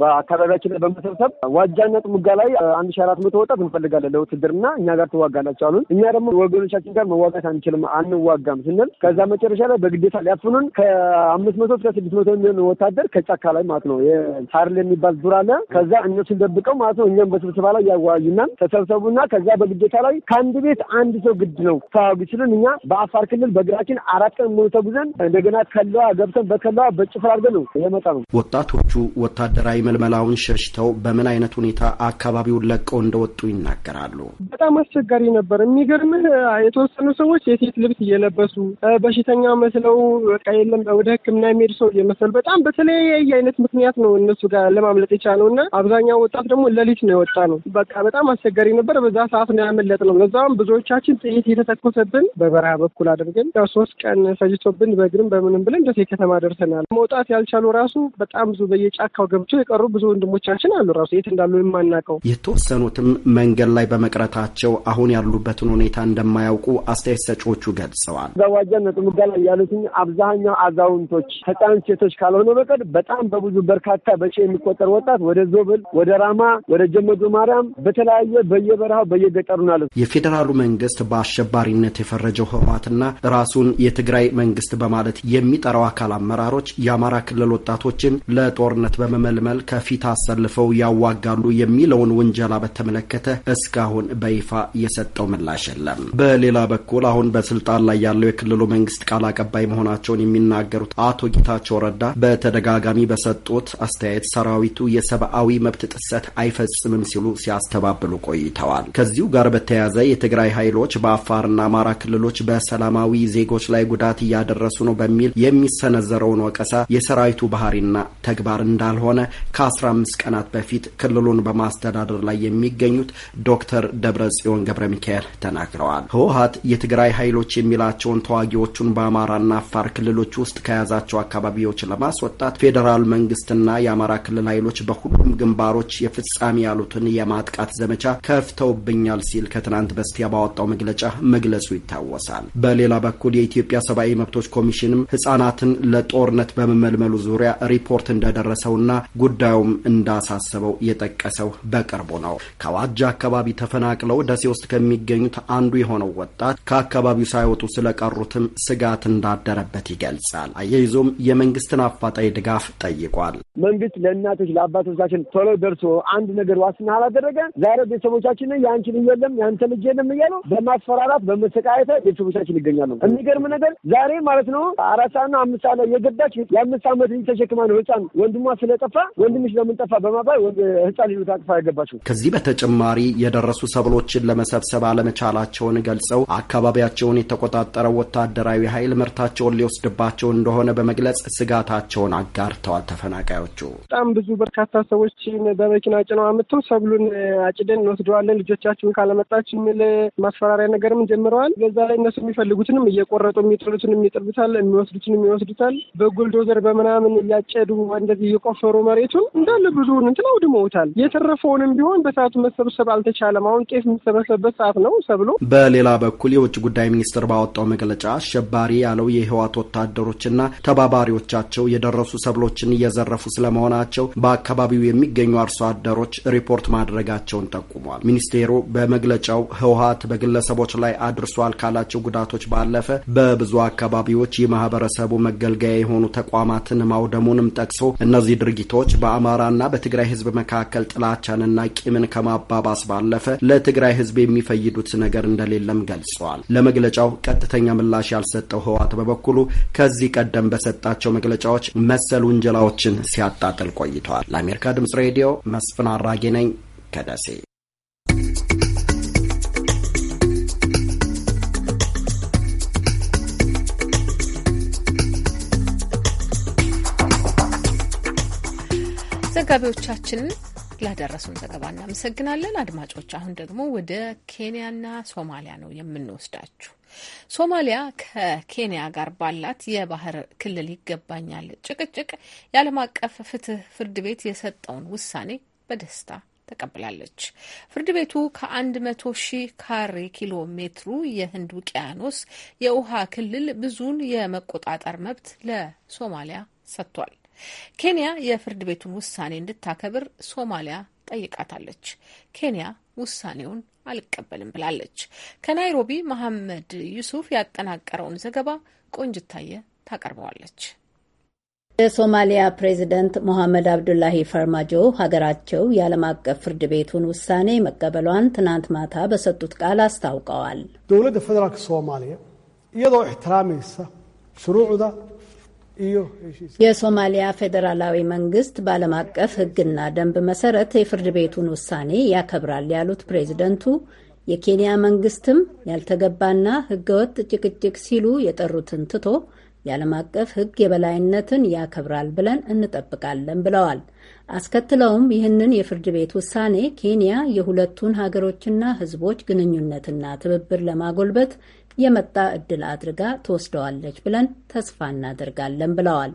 በአካባቢያችን ላይ በመሰብሰብ ዋጃነት ሙጋ ላይ አንድ ሺ አራት መቶ ወጣት እንፈልጋለን ለውትድርና እኛ ጋር ትዋጋላችሁ አሉን። እኛ ደግሞ ወገኖቻችን ጋር መዋጋት አንችልም አንዋጋም ስንል ከዛ መጨረሻ ላይ በግዴታ ሊያፍኑን ከአምስት መቶ እስከ ስድስት መቶ የሚሆን ወታደር ከጫካ ላይ ማለት ነው ሳር የሚባል ዱር አለ። ከዛ እነሱን ደብቀው ማለት ነው እኛም በስብሰባ ላይ ያዋዩናል። ተሰብሰቡና ከዛ በግዴታ ላይ ከአንድ ቤት አንድ ሰው ግድ ነው ተዋጉ ሲሉን እኛ በአፋር ክልል በእግራችን አራት ቀን ሙሉ ተጉዘን እንደገና ከለዋ ገብተን በከለዋ በጭፍር አድርገን ነው የመጣ ነው። ወጣቶቹ ወታደራዊ መልመላውን ሸሽተው በምን አይነት ሁኔታ አካባቢውን ለቀው እንደወጡ ይናገራሉ። በጣም አስቸጋሪ ነበር። የሚገርምህ የተወሰኑ ሰዎች የሴት ልብስ እየለበሱ በሽተኛ መስለው በቃ የለም ወደ ሕክምና የሚሄድ ሰው እየመሰሉ በጣም በተለያየ አይነት ምክንያት ነው እነሱ ጋር ለማምለጥ የቻለው እና አብዛኛው ወጣት ደግሞ ሌሊት ነው የወጣ ነው። በቃ በጣም አስቸጋሪ ነበር። በዛ ሰዓት ነው ያመለጥ ነው። በዛም ብዙዎቻችን ጥይት የተተኮሰብን በበረሃ በኩል አድርገን ያው ሶስት ቀን ሰጅቶብን በእግርም በምን አይሆንም ብለን ደሴ ከተማ ደርሰናል። መውጣት ያልቻሉ ራሱ በጣም ብዙ በየጫካው ገብተው የቀሩ ብዙ ወንድሞቻችን አሉ ራሱ የት እንዳሉ የማናውቀው። የተወሰኑትም መንገድ ላይ በመቅረታቸው አሁን ያሉበትን ሁኔታ እንደማያውቁ አስተያየት ሰጪዎቹ ገልጸዋል። ዘዋጃ ነጥምጋ ላይ ያሉትን አብዛኛው አዛውንቶች፣ ህፃን ሴቶች ካልሆነ በቀር በጣም በብዙ በርካታ በሺ የሚቆጠር ወጣት ወደ ዞብል፣ ወደ ራማ፣ ወደ ጀመዶ ማርያም በተለያየ በየበረሃው በየገጠሩ ናሉ። የፌዴራሉ መንግስት በአሸባሪነት የፈረጀው ህወሓትና ራሱን የትግራይ መንግስት በማለት የ የሚጠራው አካል አመራሮች የአማራ ክልል ወጣቶችን ለጦርነት በመመልመል ከፊት አሰልፈው ያዋጋሉ የሚለውን ውንጀላ በተመለከተ እስካሁን በይፋ የሰጠው ምላሽ የለም። በሌላ በኩል አሁን በስልጣን ላይ ያለው የክልሉ መንግስት ቃል አቀባይ መሆናቸውን የሚናገሩት አቶ ጌታቸው ረዳ በተደጋጋሚ በሰጡት አስተያየት ሰራዊቱ የሰብአዊ መብት ጥሰት አይፈጽምም ሲሉ ሲያስተባብሉ ቆይተዋል። ከዚሁ ጋር በተያያዘ የትግራይ ኃይሎች በአፋርና አማራ ክልሎች በሰላማዊ ዜጎች ላይ ጉዳት እያደረሱ ነው በሚል የሚሰነዘረውን ወቀሳ የሰራዊቱ ባህሪና ተግባር እንዳልሆነ ከ15 ቀናት በፊት ክልሉን በማስተዳደር ላይ የሚገኙት ዶክተር ደብረ ጽዮን ገብረ ሚካኤል ተናግረዋል። ህወሀት የትግራይ ኃይሎች የሚላቸውን ተዋጊዎቹን በአማራና አፋር ክልሎች ውስጥ ከያዛቸው አካባቢዎች ለማስወጣት ፌዴራል መንግስትና የአማራ ክልል ኃይሎች በሁሉም ግንባሮች የፍጻሜ ያሉትን የማጥቃት ዘመቻ ከፍተውብኛል ሲል ከትናንት በስቲያ ባወጣው መግለጫ መግለጹ ይታወሳል። በሌላ በኩል የኢትዮጵያ ሰብአዊ መብቶች ኮሚሽንም ህጻናትን ለጦርነት በመመልመሉ ዙሪያ ሪፖርት እንደደረሰውና ጉዳዩም እንዳሳሰበው የጠቀሰው በቅርቡ ነው። ከዋጅ አካባቢ ተፈናቅለው ደሴ ውስጥ ከሚገኙት አንዱ የሆነው ወጣት ከአካባቢው ሳይወጡ ስለቀሩትም ስጋት እንዳደረበት ይገልጻል። አያይዞም የመንግስትን አፋጣኝ ድጋፍ ጠይቋል። መንግስት ለእናቶች ለአባቶቻችን ቶሎ ደርሶ አንድ ነገር ዋስና አላደረገ ዛሬ ቤተሰቦቻችን የአንቺ ልጅ የለም የአንተ ልጅ የለም እያሉ በማስፈራራት በመሰቃየት ቤተሰቦቻችን ይገኛሉ። የሚገርም ነገር ዛሬ ማለት ነው አስራና አምስት ሰዓት ላይ የገባች የአምስት ዓመት ልጅ ተሸክማ ነው ህፃን ወንድሟ ስለጠፋ ወንድምሽ ለምንጠፋ በማባል ህፃን ልጅ ታቅፋ ያገባችው። ከዚህ በተጨማሪ የደረሱ ሰብሎችን ለመሰብሰብ አለመቻላቸውን ገልጸው አካባቢያቸውን የተቆጣጠረው ወታደራዊ ኃይል ምርታቸውን ሊወስድባቸው እንደሆነ በመግለጽ ስጋታቸውን አጋርተዋል። ተፈናቃዮቹ በጣም ብዙ በርካታ ሰዎችን በመኪና ጭነው አምጥተው ሰብሉን አጭደን እንወስደዋለን ልጆቻችሁን ካለመጣችሁ የሚል ማስፈራሪያ ነገርም ጀምረዋል። በዛ ላይ እነሱ የሚፈልጉትንም እየቆረጡ የሚጥሉትን የሚጥሉታል የሚወስዱ ከብቶችን የሚወስዱታል። በጉልዶዘር በምናምን እያጨዱ እንደዚህ እየቆፈሩ መሬቱን እንዳለ ብዙውን እንትን አውድመውታል። የተረፈውንም ቢሆን በሰዓቱ መሰብሰብ አልተቻለም። አሁን ጤፍ የሚሰበሰብበት ሰዓት ነው ሰብሎ። በሌላ በኩል የውጭ ጉዳይ ሚኒስትር ባወጣው መግለጫ አሸባሪ ያለው የህወሓት ወታደሮችና ተባባሪዎቻቸው የደረሱ ሰብሎችን እየዘረፉ ስለመሆናቸው በአካባቢው የሚገኙ አርሶ አደሮች ሪፖርት ማድረጋቸውን ጠቁሟል። ሚኒስቴሩ በመግለጫው ህወሓት በግለሰቦች ላይ አድርሷል ካላቸው ጉዳቶች ባለፈ በብዙ አካባቢዎች ይህ ማህበር ማህበረሰቡ መገልገያ የሆኑ ተቋማትን ማውደሙንም ጠቅሶ እነዚህ ድርጊቶች በአማራና በትግራይ ህዝብ መካከል ጥላቻንና ቂምን ከማባባስ ባለፈ ለትግራይ ህዝብ የሚፈይዱት ነገር እንደሌለም ገልጸዋል። ለመግለጫው ቀጥተኛ ምላሽ ያልሰጠው ህወሓት በበኩሉ ከዚህ ቀደም በሰጣቸው መግለጫዎች መሰል ውንጀላዎችን ሲያጣጥል ቆይቷል። ለአሜሪካ ድምጽ ሬዲዮ መስፍን አራጌ ነኝ ከደሴ። ዘጋቢዎቻችንን ላደረሱን ዘገባ እናመሰግናለን። አድማጮች፣ አሁን ደግሞ ወደ ኬንያና ሶማሊያ ነው የምንወስዳችሁ። ሶማሊያ ከኬንያ ጋር ባላት የባህር ክልል ይገባኛል ጭቅጭቅ የዓለም አቀፍ ፍትህ ፍርድ ቤት የሰጠውን ውሳኔ በደስታ ተቀብላለች። ፍርድ ቤቱ ከአንድ መቶ ሺህ ካሬ ኪሎ ሜትሩ የህንድ ውቅያኖስ የውሃ ክልል ብዙውን የመቆጣጠር መብት ለሶማሊያ ሰጥቷል። ኬንያ የፍርድ ቤቱን ውሳኔ እንድታከብር ሶማሊያ ጠይቃታለች። ኬንያ ውሳኔውን አልቀበልም ብላለች። ከናይሮቢ መሐመድ ዩሱፍ ያጠናቀረውን ዘገባ ቆንጅታየ ታቀርበዋለች። የሶማሊያ ፕሬዚደንት ሞሐመድ አብዱላሂ ፈርማጆ ሀገራቸው የዓለም አቀፍ ፍርድ ቤቱን ውሳኔ መቀበሏን ትናንት ማታ በሰጡት ቃል አስታውቀዋል። ደውለደ ፌደራልክ ሶማሊያ እያዶ እሕትራሜሳ ሽሩዑዳ የሶማሊያ ፌዴራላዊ መንግስት በዓለም አቀፍ ሕግና ደንብ መሰረት የፍርድ ቤቱን ውሳኔ ያከብራል ያሉት ፕሬዚደንቱ የኬንያ መንግስትም ያልተገባና ሕገወጥ ጭቅጭቅ ሲሉ የጠሩትን ትቶ የዓለም አቀፍ ሕግ የበላይነትን ያከብራል ብለን እንጠብቃለን ብለዋል። አስከትለውም ይህንን የፍርድ ቤት ውሳኔ ኬንያ የሁለቱን ሀገሮችና ሕዝቦች ግንኙነትና ትብብር ለማጎልበት የመጣ ዕድል አድርጋ ትወስደዋለች ብለን ተስፋ እናደርጋለን ብለዋል።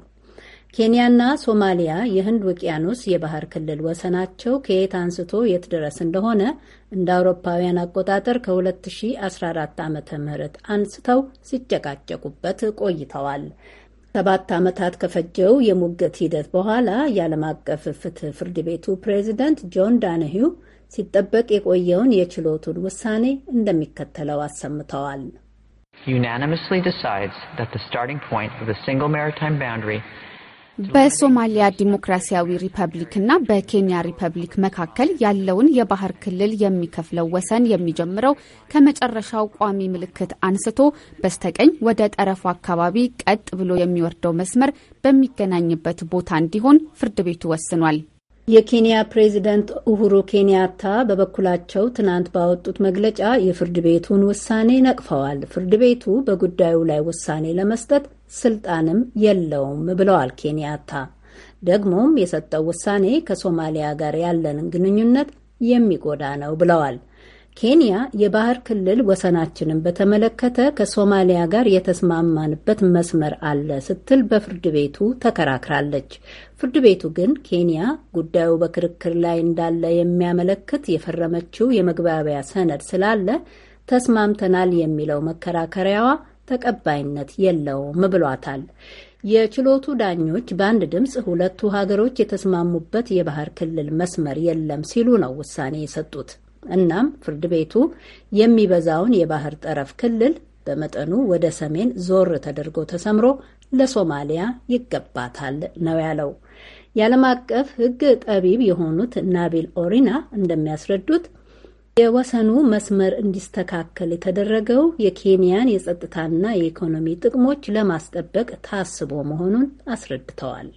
ኬንያና ሶማሊያ የህንድ ውቅያኖስ የባህር ክልል ወሰናቸው ከየት አንስቶ የት ድረስ እንደሆነ እንደ አውሮፓውያን አቆጣጠር ከ2014 ዓ ም አንስተው ሲጨቃጨቁበት ቆይተዋል። ሰባት ዓመታት ከፈጀው የሙገት ሂደት በኋላ የዓለም አቀፍ ፍትህ ፍርድ ቤቱ ፕሬዚደንት ጆን ዳንሂው ሲጠበቅ የቆየውን የችሎቱን ውሳኔ እንደሚከተለው አሰምተዋል። unanimously decides that the starting point of the single maritime boundary በሶማሊያ ዲሞክራሲያዊ ሪፐብሊክና በኬንያ ሪፐብሊክ መካከል ያለውን የባህር ክልል የሚከፍለው ወሰን የሚጀምረው ከመጨረሻው ቋሚ ምልክት አንስቶ በስተቀኝ ወደ ጠረፉ አካባቢ ቀጥ ብሎ የሚወርደው መስመር በሚገናኝበት ቦታ እንዲሆን ፍርድ ቤቱ ወስኗል። የኬንያ ፕሬዚደንት ኡሁሩ ኬንያታ በበኩላቸው ትናንት ባወጡት መግለጫ የፍርድ ቤቱን ውሳኔ ነቅፈዋል። ፍርድ ቤቱ በጉዳዩ ላይ ውሳኔ ለመስጠት ስልጣንም የለውም ብለዋል ኬንያታ። ደግሞም የሰጠው ውሳኔ ከሶማሊያ ጋር ያለንን ግንኙነት የሚጎዳ ነው ብለዋል። ኬንያ የባህር ክልል ወሰናችንን በተመለከተ ከሶማሊያ ጋር የተስማማንበት መስመር አለ ስትል በፍርድ ቤቱ ተከራክራለች። ፍርድ ቤቱ ግን ኬንያ ጉዳዩ በክርክር ላይ እንዳለ የሚያመለክት የፈረመችው የመግባቢያ ሰነድ ስላለ ተስማምተናል የሚለው መከራከሪያዋ ተቀባይነት የለውም ብሏታል። የችሎቱ ዳኞች በአንድ ድምፅ ሁለቱ ሀገሮች የተስማሙበት የባህር ክልል መስመር የለም ሲሉ ነው ውሳኔ የሰጡት። እናም ፍርድ ቤቱ የሚበዛውን የባህር ጠረፍ ክልል በመጠኑ ወደ ሰሜን ዞር ተደርጎ ተሰምሮ ለሶማሊያ ይገባታል ነው ያለው። የዓለም አቀፍ ሕግ ጠቢብ የሆኑት ናቢል ኦሪና እንደሚያስረዱት የወሰኑ መስመር እንዲስተካከል የተደረገው የኬንያን የጸጥታና የኢኮኖሚ ጥቅሞች ለማስጠበቅ ታስቦ መሆኑን አስረድተዋል።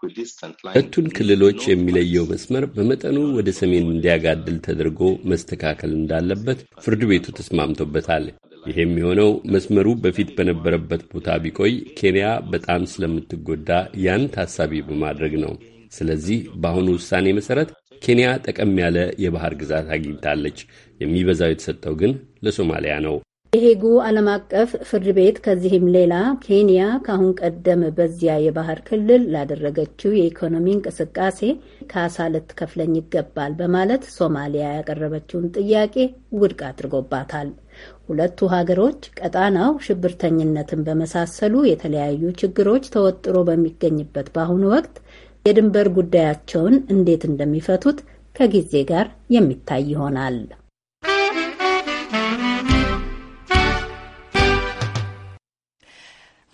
ሁለቱን ክልሎች የሚለየው መስመር በመጠኑ ወደ ሰሜን እንዲያጋድል ተደርጎ መስተካከል እንዳለበት ፍርድ ቤቱ ተስማምቶበታል። ይህም የሆነው መስመሩ በፊት በነበረበት ቦታ ቢቆይ ኬንያ በጣም ስለምትጎዳ ያን ታሳቢ በማድረግ ነው። ስለዚህ በአሁኑ ውሳኔ መሠረት ኬንያ ጠቀም ያለ የባህር ግዛት አግኝታለች። የሚበዛው የተሰጠው ግን ለሶማሊያ ነው። የሄጉ ዓለም አቀፍ ፍርድ ቤት ከዚህም ሌላ ኬንያ ከአሁን ቀደም በዚያ የባህር ክልል ላደረገችው የኢኮኖሚ እንቅስቃሴ ካሳ ልትከፍለኝ ይገባል በማለት ሶማሊያ ያቀረበችውን ጥያቄ ውድቅ አድርጎባታል። ሁለቱ ሀገሮች ቀጣናው ሽብርተኝነትን በመሳሰሉ የተለያዩ ችግሮች ተወጥሮ በሚገኝበት በአሁኑ ወቅት የድንበር ጉዳያቸውን እንዴት እንደሚፈቱት ከጊዜ ጋር የሚታይ ይሆናል።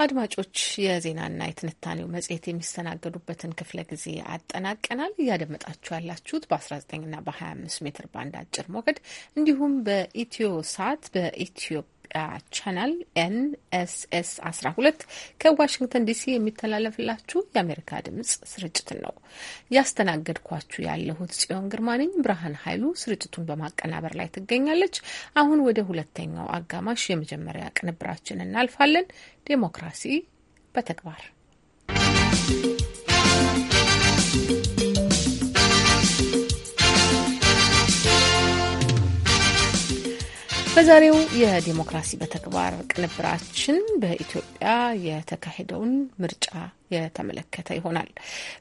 አድማጮች፣ የዜናና የትንታኔው መጽሔት የሚስተናገዱበትን ክፍለ ጊዜ አጠናቀናል። እያደመጣችሁ ያላችሁት በ19ና በ25 ሜትር ባንድ አጭር ሞገድ እንዲሁም በኢትዮ ሳት በኢትዮ የኢትዮጵያ ቻናል ኤን 12 ከዋሽንግተን ዲሲ የሚተላለፍላችሁ የአሜሪካ ድምጽ ስርጭትን ነው ያስተናገድኳችሁ ያለሁት ጽዮን ግርማ ነኝ። ብርሃን ኃይሉ ስርጭቱን በማቀናበር ላይ ትገኛለች። አሁን ወደ ሁለተኛው አጋማሽ የመጀመሪያ ቅንብራችን እናልፋለን። ዴሞክራሲ በተግባር በዛሬው የዲሞክራሲ በተግባር ቅንብራችን በኢትዮጵያ የተካሄደውን ምርጫ የተመለከተ ይሆናል።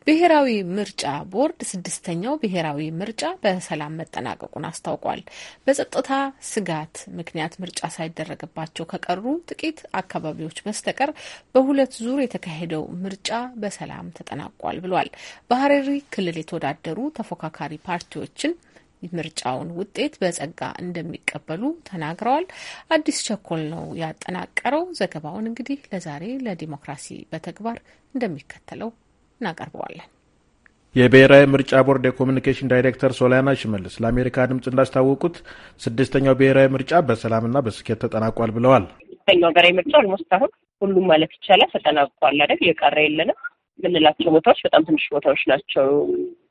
ብሔራዊ ምርጫ ቦርድ ስድስተኛው ብሔራዊ ምርጫ በሰላም መጠናቀቁን አስታውቋል። በጸጥታ ስጋት ምክንያት ምርጫ ሳይደረግባቸው ከቀሩ ጥቂት አካባቢዎች በስተቀር በሁለት ዙር የተካሄደው ምርጫ በሰላም ተጠናቋል ብሏል። በሀረሪ ክልል የተወዳደሩ ተፎካካሪ ፓርቲዎችን ምርጫውን ውጤት በጸጋ እንደሚቀበሉ ተናግረዋል። አዲስ ቸኮል ነው ያጠናቀረው ዘገባውን። እንግዲህ ለዛሬ ለዲሞክራሲ በተግባር እንደሚከተለው እናቀርበዋለን። የብሔራዊ ምርጫ ቦርድ የኮሚኒኬሽን ዳይሬክተር ሶሊያና ሽመልስ ለአሜሪካ ድምፅ እንዳስታወቁት ስድስተኛው ብሔራዊ ምርጫ በሰላምና በስኬት ተጠናቋል ብለዋል። ስድስተኛው ብሔራዊ ምርጫ ኦልሞስት አሁን ሁሉም ማለት ይቻላል ተጠናቋል አይደል? የቀረ የለንም የምንላቸው ቦታዎች በጣም ትንሽ ቦታዎች ናቸው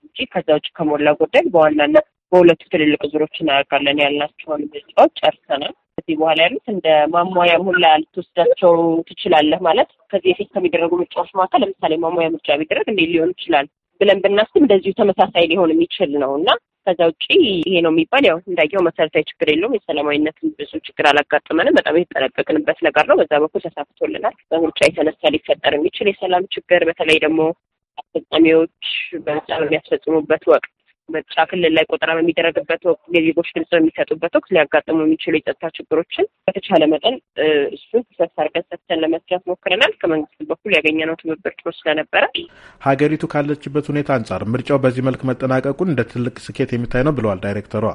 እንጂ ከዛ ውጭ ከሞላ ጎደል በዋናነት በሁለቱ ትልልቅ ዙሮች እናደርጋለን ያልናቸውን ምርጫዎች ጨርሰናል። ከዚህ በኋላ ያሉት እንደ ማሟያ ሁላ ልትወስዳቸው ትችላለህ ማለት ከዚህ በፊት ከሚደረጉ ምርጫዎች መካከል ለምሳሌ ማሟያ ምርጫ ቢደረግ እንዴት ሊሆን ይችላል ብለን ብናስብ እንደዚሁ ተመሳሳይ ሊሆን የሚችል ነው እና ከዛ ውጭ ይሄ ነው የሚባል ያው እንዳየው መሰረታዊ ችግር የለውም። የሰላማዊነትን ብዙ ችግር አላጋጠመንም። በጣም የተጠነቀቅንበት ነገር ነው። በዛ በኩል ተሳክቶልናል። በምርጫ የተነሳ ሊፈጠር የሚችል የሰላም ችግር በተለይ ደግሞ አስፈጻሚዎች በምርጫ በሚያስፈጽሙበት ወቅት ምርጫ ክልል ላይ ቆጠራ በሚደረግበት ወቅት የዜጎች ድምጽ በሚሰጡበት ወቅት ሊያጋጥሙ የሚችሉ የጸጥታ ችግሮችን በተቻለ መጠን እሱን ሰፋ አድርገን ሰፍተን ለመስራት ሞክረናል። ከመንግስት በኩል ያገኘነው ትብብር ጥሩ ስለነበረ ሀገሪቱ ካለችበት ሁኔታ አንጻር ምርጫው በዚህ መልክ መጠናቀቁን እንደ ትልቅ ስኬት የሚታይ ነው ብለዋል ዳይሬክተሯ።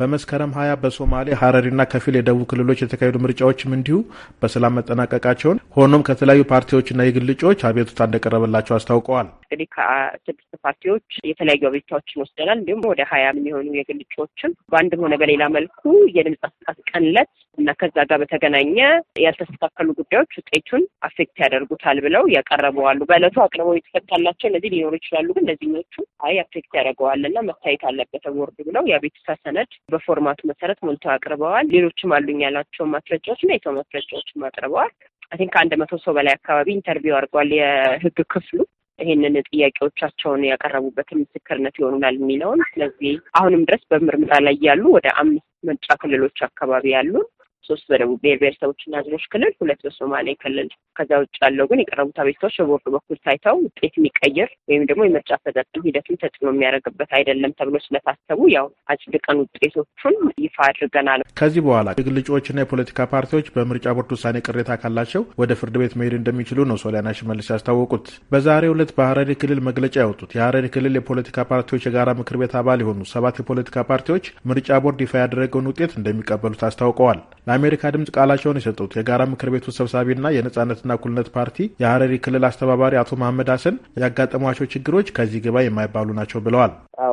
በመስከረም ሀያ በሶማሌ ሀረሪና ከፊል የደቡብ ክልሎች የተካሄዱ ምርጫዎችም እንዲሁ በሰላም መጠናቀቃቸውን ሆኖም ከተለያዩ ፓርቲዎችና የግል እጩዎች አቤቱታ እንደቀረበላቸው አስታውቀዋል። እንግዲህ ከስድስት ፓርቲዎች የተለያዩ አቤቱታዎችን ወስደናል። እንዲሁም ወደ ሀያ የሚሆኑ የግል እጩዎችም በአንድም ሆነ በሌላ መልኩ የድምጽ አሰጣጥ ቀን ዕለት እና ከዛ ጋር በተገናኘ ያልተስተካከሉ ጉዳዮች ውጤቱን አፌክት ያደርጉታል ብለው ያቀረቡ አሉ። በእለቱ አቅርበው የተፈታላቸው እነዚህ ሊኖሩ ይችላሉ። ግን እነዚህኞቹ አይ አፌክት ያደርገዋል እና መታየት አለበት ወርዱ ብለው የአቤቱታ ሰነድ በፎርማቱ መሰረት ሞልተው አቅርበዋል። ሌሎችም አሉኝ ያላቸው ማስረጃዎች እና የሰው ማስረጃዎችም አቅርበዋል። አይ ከአንድ መቶ ሰው በላይ አካባቢ ኢንተርቪው አድርጓል የህግ ክፍሉ ይህንን ጥያቄዎቻቸውን ያቀረቡበትን ምስክርነት ይሆኑናል የሚለውን ስለዚህ አሁንም ድረስ በምርምራ ላይ ያሉ ወደ አምስት ምርጫ ክልሎች አካባቢ ያሉን ሶስት በደቡብ ብሔር ብሔረሰቦችና ህዝቦች ክልል፣ ሁለት በሶማሌ ክልል። ከዛ ውጭ ያለው ግን የቀረቡት አቤቱታዎች በቦርዱ በኩል ታይተው ውጤት የሚቀይር ወይም ደግሞ የምርጫ አፈጻጸም ሂደቱን ተጽዕኖ የሚያደርግበት አይደለም ተብሎ ስለታሰቡ ያው አጽድቀን ውጤቶቹን ይፋ አድርገናል። ከዚህ በኋላ የግል እጩዎችና የፖለቲካ ፓርቲዎች በምርጫ ቦርድ ውሳኔ ቅሬታ ካላቸው ወደ ፍርድ ቤት መሄድ እንደሚችሉ ነው ሶሊያና ሽመልስ ያስታወቁት። በዛሬው ዕለት በሀረሪ ክልል መግለጫ ያወጡት የሀረሪ ክልል የፖለቲካ ፓርቲዎች የጋራ ምክር ቤት አባል የሆኑ ሰባት የፖለቲካ ፓርቲዎች ምርጫ ቦርድ ይፋ ያደረገውን ውጤት እንደሚቀበሉት አስታውቀዋል። ለአሜሪካ ድምጽ ቃላቸውን የሰጡት የጋራ ምክር ቤቱ ሰብሳቢና የነጻነትና እኩልነት ፓርቲ የሀረሪ ክልል አስተባባሪ አቶ መሀመድ ሀሰን ያጋጠሟቸው ችግሮች ከዚህ ግባ የማይባሉ ናቸው ብለዋል።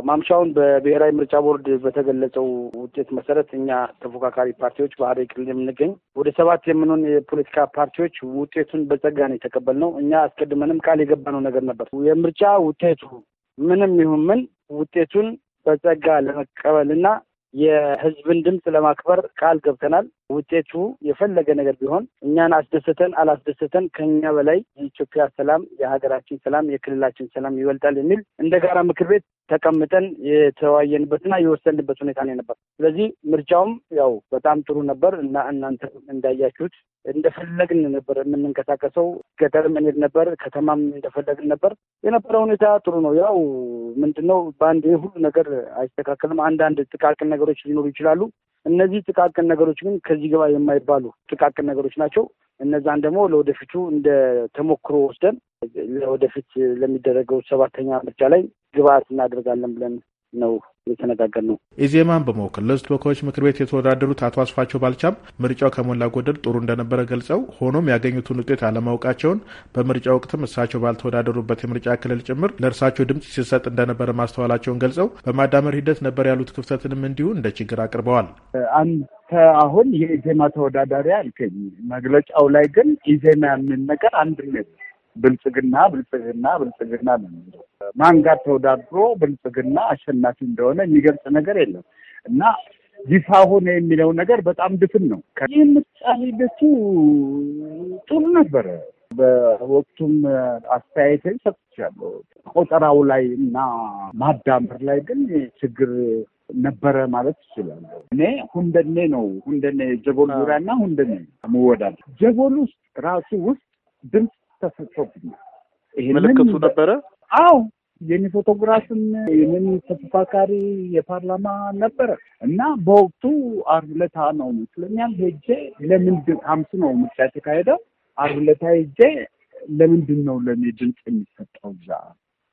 ማምሻውን በብሔራዊ ምርጫ ቦርድ በተገለጸው ውጤት መሰረት እኛ ተፎካካሪ ፓርቲዎች በሀረሪ ክልል የምንገኝ ወደ ሰባት የምንሆን የፖለቲካ ፓርቲዎች ውጤቱን በጸጋ ነው የተቀበልነው። እኛ አስቀድመንም ቃል የገባነው ነገር ነበር። የምርጫ ውጤቱ ምንም ይሁን ምን ውጤቱን በጸጋ ለመቀበልና የህዝብን ድምፅ ለማክበር ቃል ገብተናል። ውጤቱ የፈለገ ነገር ቢሆን እኛን አስደሰተን አላስደሰተን ከኛ በላይ የኢትዮጵያ ሰላም፣ የሀገራችን ሰላም፣ የክልላችን ሰላም ይበልጣል የሚል እንደ ጋራ ምክር ቤት ተቀምጠን የተወያየንበትና የወሰንበት ሁኔታ ነው የነበር። ስለዚህ ምርጫውም ያው በጣም ጥሩ ነበር እና እናንተ እንዳያችሁት እንደፈለግን ነበር የምንንቀሳቀሰው። ገጠርም እንሄድ ነበር፣ ከተማም እንደፈለግን ነበር። የነበረ ሁኔታ ጥሩ ነው። ያው ምንድነው በአንድ ሁሉ ነገር አይስተካከልም። አንዳንድ ጥቃቅን ነገር ነገሮች ሊኖሩ ይችላሉ። እነዚህ ጥቃቅን ነገሮች ግን ከዚህ ግባ የማይባሉ ጥቃቅን ነገሮች ናቸው። እነዛን ደግሞ ለወደፊቱ እንደ ተሞክሮ ወስደን ለወደፊት ለሚደረገው ሰባተኛ ምርጫ ላይ ግብዓት እናደርጋለን ብለን ነው የተነጋገር ነው። ኢዜማን በመወከል ለሕዝብ ተወካዮች ምክር ቤት የተወዳደሩት አቶ አስፋቸው ባልቻም ምርጫው ከሞላ ጎደል ጥሩ እንደነበረ ገልጸው ሆኖም ያገኙትን ውጤት አለማወቃቸውን በምርጫ ወቅትም እሳቸው ባልተወዳደሩበት የምርጫ ክልል ጭምር ለእርሳቸው ድምፅ ሲሰጥ እንደነበረ ማስተዋላቸውን ገልጸው በማዳመር ሂደት ነበር ያሉት ክፍተትንም እንዲሁ እንደ ችግር አቅርበዋል። አንተ አሁን የኢዜማ ተወዳዳሪ አልከኝ። መግለጫው ላይ ግን ኢዜማ ያምን ነገር አንድነት ብልጽግና ብልጽግና ብልጽግና ነው የሚለው። ማን ጋር ተወዳድሮ ብልጽግና አሸናፊ እንደሆነ የሚገልጽ ነገር የለም እና ይፋ ሆነ የሚለው ነገር በጣም ድፍን ነው። ይህ ምርጫ ሂደቱ ጥሩ ነበረ። በወቅቱም አስተያየት ሰጥቻለሁ። ቆጠራው ላይ እና ማዳመር ላይ ግን ችግር ነበረ ማለት ይችላለሁ። እኔ ሁንደኔ ነው ሁንደኔ ጀጎል ዙሪያ እና ሁንደኔ መወዳል ጀጎል ውስጥ ራሱ ውስጥ ድምፅ ተሰጥቶብኛል። ምልክቱ ነበረ። አዎ የኔ ፎቶግራፍም የኔም ተፎካካሪ የፓርላማ ነበረ እና በወቅቱ ዓርብ ዕለት ነው ይመስለኛል ሄጄ ለምንድን ሀምስ ነው ምርጫ የተካሄደው ዓርብ ዕለት ሄጄ ለምንድን ነው ለእኔ ድምፅ የሚሰጠው እዛ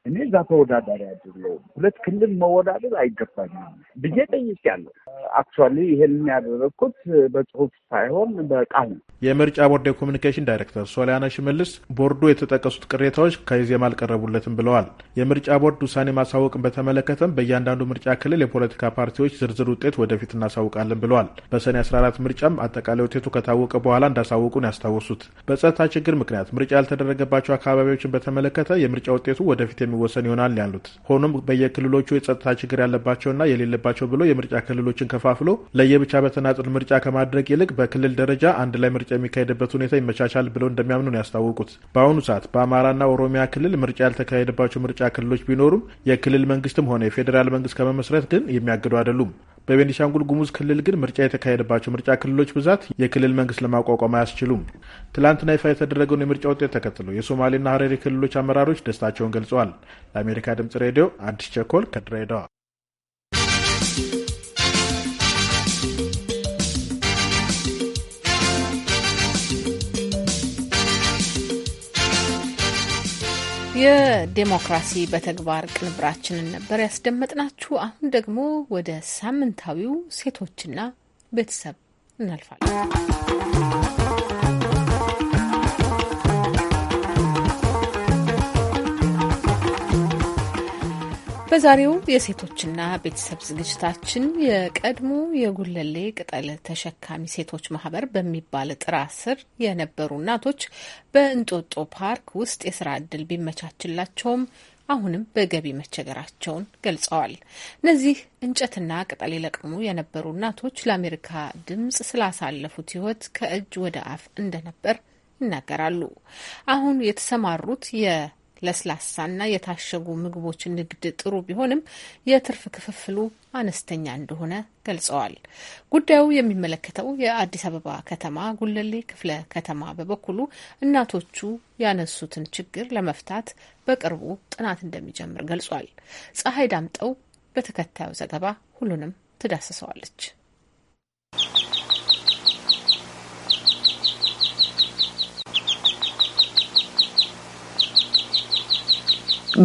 እኔ እዛ ተወዳዳሪ አይደለሁም፣ ሁለት ክልል መወዳደር አይገባኝም ብዬ ጠይቄያለሁ። አክቹዋሊ ይሄንን ያደረግኩት በጽሁፍ ሳይሆን በቃል ነው። የምርጫ ቦርድ የኮሚኒኬሽን ዳይሬክተር ሶሊያና ሽመልስ ቦርዱ የተጠቀሱት ቅሬታዎች ከኢዜማ አልቀረቡለትም ብለዋል። የምርጫ ቦርድ ውሳኔ ማሳወቅን በተመለከተም በእያንዳንዱ ምርጫ ክልል የፖለቲካ ፓርቲዎች ዝርዝር ውጤት ወደፊት እናሳውቃለን ብለዋል። በሰኔ 14 ምርጫም አጠቃላይ ውጤቱ ከታወቀ በኋላ እንዳሳወቁን ያስታወሱት በጸጥታ ችግር ምክንያት ምርጫ ያልተደረገባቸው አካባቢዎችን በተመለከተ የምርጫ ውጤቱ ወደፊት የሚ የሚወሰን ይሆናል ያሉት። ሆኖም በየክልሎቹ የጸጥታ ችግር ያለባቸውና የሌለባቸው ብሎ የምርጫ ክልሎችን ከፋፍሎ ለየብቻ በተናጥል ምርጫ ከማድረግ ይልቅ በክልል ደረጃ አንድ ላይ ምርጫ የሚካሄድበት ሁኔታ ይመቻቻል ብለው እንደሚያምኑ ነው ያስታወቁት። በአሁኑ ሰዓት በአማራና ኦሮሚያ ክልል ምርጫ ያልተካሄደባቸው ምርጫ ክልሎች ቢኖሩም የክልል መንግስትም ሆነ የፌዴራል መንግስት ከመመስረት ግን የሚያግዱ አይደሉም። በቤኒሻንጉል ጉሙዝ ክልል ግን ምርጫ የተካሄደባቸው ምርጫ ክልሎች ብዛት የክልል መንግስት ለማቋቋም አያስችሉም። ትላንትና ይፋ የተደረገውን የምርጫ ውጤት ተከትሎ የሶማሌና ሀረሪ ክልሎች አመራሮች ደስታቸውን ገልጸዋል። ለአሜሪካ ድምጽ ሬዲዮ አዲስ ቸኮል ከድሬዳዋ። የዴሞክራሲ በተግባር ቅንብራችንን ነበር ያስደመጥናችሁ። አሁን ደግሞ ወደ ሳምንታዊው ሴቶችና ቤተሰብ እናልፋለን። በዛሬው የሴቶችና ቤተሰብ ዝግጅታችን የቀድሞ የጉለሌ ቅጠል ተሸካሚ ሴቶች ማህበር በሚባል ጥራ ስር የነበሩ እናቶች በእንጦጦ ፓርክ ውስጥ የስራ እድል ቢመቻችላቸውም አሁንም በገቢ መቸገራቸውን ገልጸዋል። እነዚህ እንጨትና ቅጠል ይለቅሙ የነበሩ እናቶች ለአሜሪካ ድምጽ ስላሳለፉት ሕይወት ከእጅ ወደ አፍ እንደነበር ይናገራሉ። አሁን የተሰማሩት ለስላሳና የታሸጉ ምግቦች ንግድ ጥሩ ቢሆንም የትርፍ ክፍፍሉ አነስተኛ እንደሆነ ገልጸዋል። ጉዳዩ የሚመለከተው የአዲስ አበባ ከተማ ጉለሌ ክፍለ ከተማ በበኩሉ እናቶቹ ያነሱትን ችግር ለመፍታት በቅርቡ ጥናት እንደሚጀምር ገልጿል። ፀሐይ ዳምጠው በተከታዩ ዘገባ ሁሉንም ትዳስሰዋለች።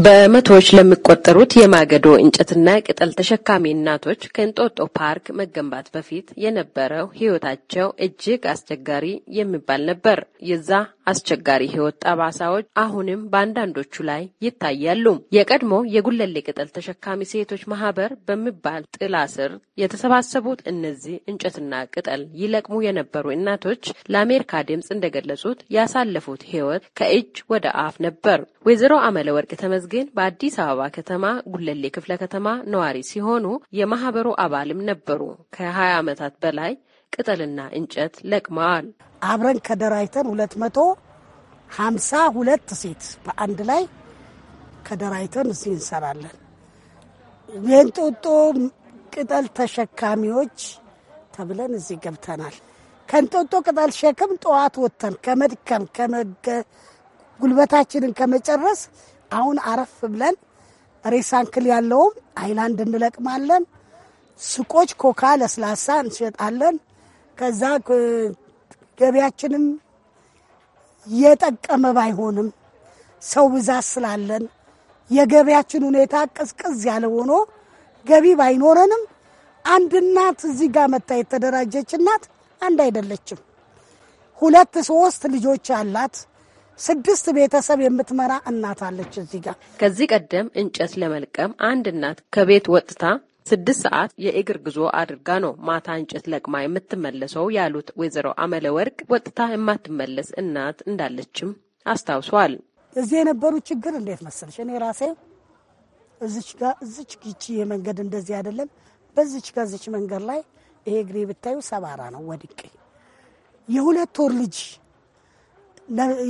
በመቶዎች ለሚቆጠሩት የማገዶ እንጨትና ቅጠል ተሸካሚ እናቶች ከእንጦጦ ፓርክ መገንባት በፊት የነበረው ሕይወታቸው እጅግ አስቸጋሪ የሚባል ነበር። የዛ አስቸጋሪ ህይወት ጠባሳዎች አሁንም በአንዳንዶቹ ላይ ይታያሉ። የቀድሞ የጉለሌ ቅጠል ተሸካሚ ሴቶች ማህበር በሚባል ጥላ ስር የተሰባሰቡት እነዚህ እንጨትና ቅጠል ይለቅሙ የነበሩ እናቶች ለአሜሪካ ድምፅ እንደገለጹት ያሳለፉት ህይወት ከእጅ ወደ አፍ ነበር። ወይዘሮ አመለ ወርቅ ተመዝግን በአዲስ አበባ ከተማ ጉለሌ ክፍለ ከተማ ነዋሪ ሲሆኑ የማህበሩ አባልም ነበሩ። ከ20 ዓመታት በላይ ቅጠልና እንጨት ለቅመዋል። አብረን ከደራይተን ሁለት መቶ ሀምሳ ሁለት ሴት በአንድ ላይ ከደራይተን እዚህ እንሰራለን። የእንጦጦ ቅጠል ተሸካሚዎች ተብለን እዚህ ገብተናል። ከእንጦጦ ቅጠል ሸክም ጠዋት ወጥተን ከመድከም ጉልበታችንን ከመጨረስ አሁን አረፍ ብለን ሬሳንክል ያለውም አይላንድ እንለቅማለን። ሱቆች ኮካ ለስላሳ እንሸጣለን። ከዛ ገቢያችንም የጠቀመ ባይሆንም ሰው ብዛት ስላለን የገቢያችን ሁኔታ ቅዝቅዝ ያለ ሆኖ ገቢ ባይኖረንም አንድ እናት እዚህ ጋር መታ የተደራጀች እናት አንድ አይደለችም። ሁለት ሶስት ልጆች አላት። ስድስት ቤተሰብ የምትመራ እናት አለች እዚህ ጋር። ከዚህ ቀደም እንጨት ለመልቀም አንድ እናት ከቤት ወጥታ ስድስት ሰዓት የእግር ጉዞ አድርጋ ነው ማታ እንጨት ለቅማ የምትመለሰው ያሉት ወይዘሮ አመለ ወርቅ ወጥታ የማትመለስ እናት እንዳለችም አስታውሷል። እዚህ የነበሩ ችግር እንዴት መሰለሽ፣ እኔ ራሴ እዚች ጋር እዚች ጊቺ የመንገድ እንደዚህ አይደለም፣ በዚች ጋር እዚች መንገድ ላይ ይሄ እግሬ ብታዩ ሰባራ ነው ወድቄ የሁለት ወር ልጅ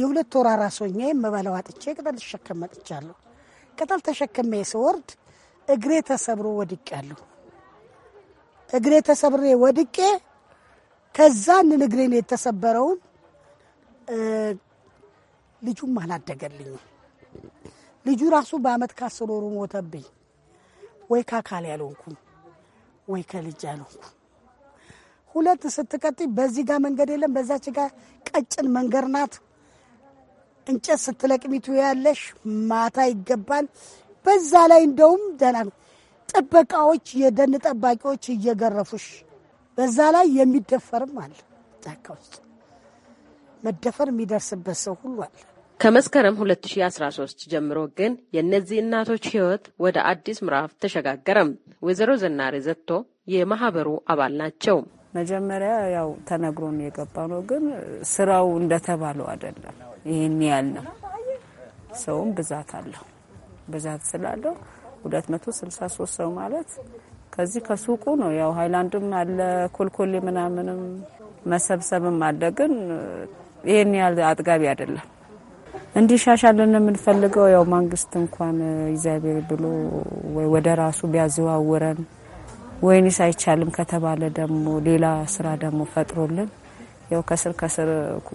የሁለት ወር አራሶኛ የምበለው አጥቼ ቅጠል ተሸከመጥቻለሁ። ቅጠል ተሸክሜ ስወርድ እግሬ ተሰብሮ ወድቄያለሁ። እግሬ ተሰብሬ ወድቄ ከዛን እግሬን የተሰበረውን ልጁም አላደገልኝም። ልጁ ራሱ በአመት ከአስር ወሩ ሞተብኝ። ወይ ከአካል ያልሆንኩም ወይ ከልጅ ያልሆንኩም ሁለት ስትቀጥኝ በዚህ ጋር መንገድ የለም፣ በዛች ጋር ቀጭን መንገድ ናት። እንጨት ስትለቅሚቱ ያለሽ ማታ ይገባል በዛ ላይ እንደውም ደህና ነው። ጥበቃዎች፣ የደን ጠባቂዎች እየገረፉሽ፣ በዛ ላይ የሚደፈርም አለ። ጫካ ውስጥ መደፈር የሚደርስበት ሰው ሁሉ አለ። ከመስከረም 2013 ጀምሮ ግን የእነዚህ እናቶች ህይወት ወደ አዲስ ምዕራፍ ተሸጋገረም። ወይዘሮ ዘናሬ ዘቶ የማህበሩ አባል ናቸው። መጀመሪያ ያው ተነግሮን የገባ ነው፣ ግን ስራው እንደተባለው አይደለም። ይህን ያህል ነው፣ ሰውም ብዛት አለው። ብዛት ስላለው 263 ሰው ማለት ከዚህ ከሱቁ ነው ያው ሀይላንድም አለ ኮልኮሌ ምናምንም መሰብሰብም አለ። ግን ይህን ያህል አጥጋቢ አይደለም። እንዲሻሻልን የምንፈልገው ያው መንግስት እንኳን እግዚአብሔር ብሎ ወይ ወደ ራሱ ቢያዘዋውረን ወይንስ አይቻልም ከተባለ ደግሞ ሌላ ስራ ደግሞ ፈጥሮልን ያው ከስር ከስር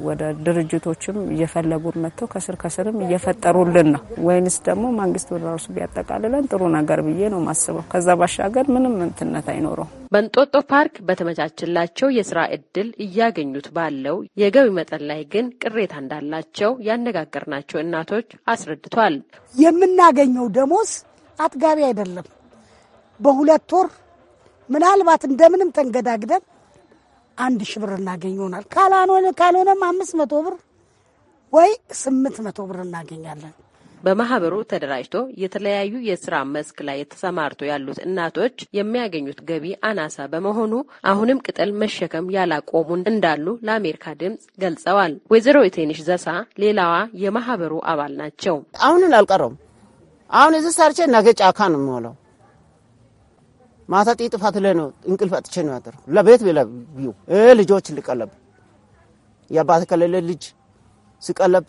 ወደ ድርጅቶችም እየፈለጉን መጥተው ከስር ከስርም እየፈጠሩልን ነው። ወይንስ ደግሞ መንግስት ወደ ራሱ ቢያጠቃልለን ጥሩ ነገር ብዬ ነው የማስበው። ከዛ ባሻገር ምንም ምንትነት አይኖረው። በእንጦጦ ፓርክ በተመቻችላቸው የስራ እድል እያገኙት ባለው የገቢ መጠን ላይ ግን ቅሬታ እንዳላቸው ያነጋገርናቸው እናቶች አስረድቷል። የምናገኘው ደሞዝ አጥጋቢ አይደለም። በሁለት ወር ምናልባት እንደምንም ተንገዳግደን አንድ ሺህ ብር እናገኝ ይሆናል። ካልሆነም አምስት መቶ ብር ወይ ስምንት መቶ ብር እናገኛለን። በማህበሩ ተደራጅቶ የተለያዩ የስራ መስክ ላይ ተሰማርቶ ያሉት እናቶች የሚያገኙት ገቢ አናሳ በመሆኑ አሁንም ቅጠል መሸከም ያላቆሙ እንዳሉ ለአሜሪካ ድምጽ ገልጸዋል። ወይዘሮ የቴንሽ ዘሳ ሌላዋ የማህበሩ አባል ናቸው። አሁን አልቀረውም። አሁን እዚህ ሰርቼ ነገ ጫካ ነው የምውለው። ማታ ጥይ ጥፋት ላይ ነው እንቅልፍ አጥቼ ነው ያደርኩ። ለቤት ለቢው ልጆች ልቀለብ የአባት ከሌለ ልጅ ስቀለብ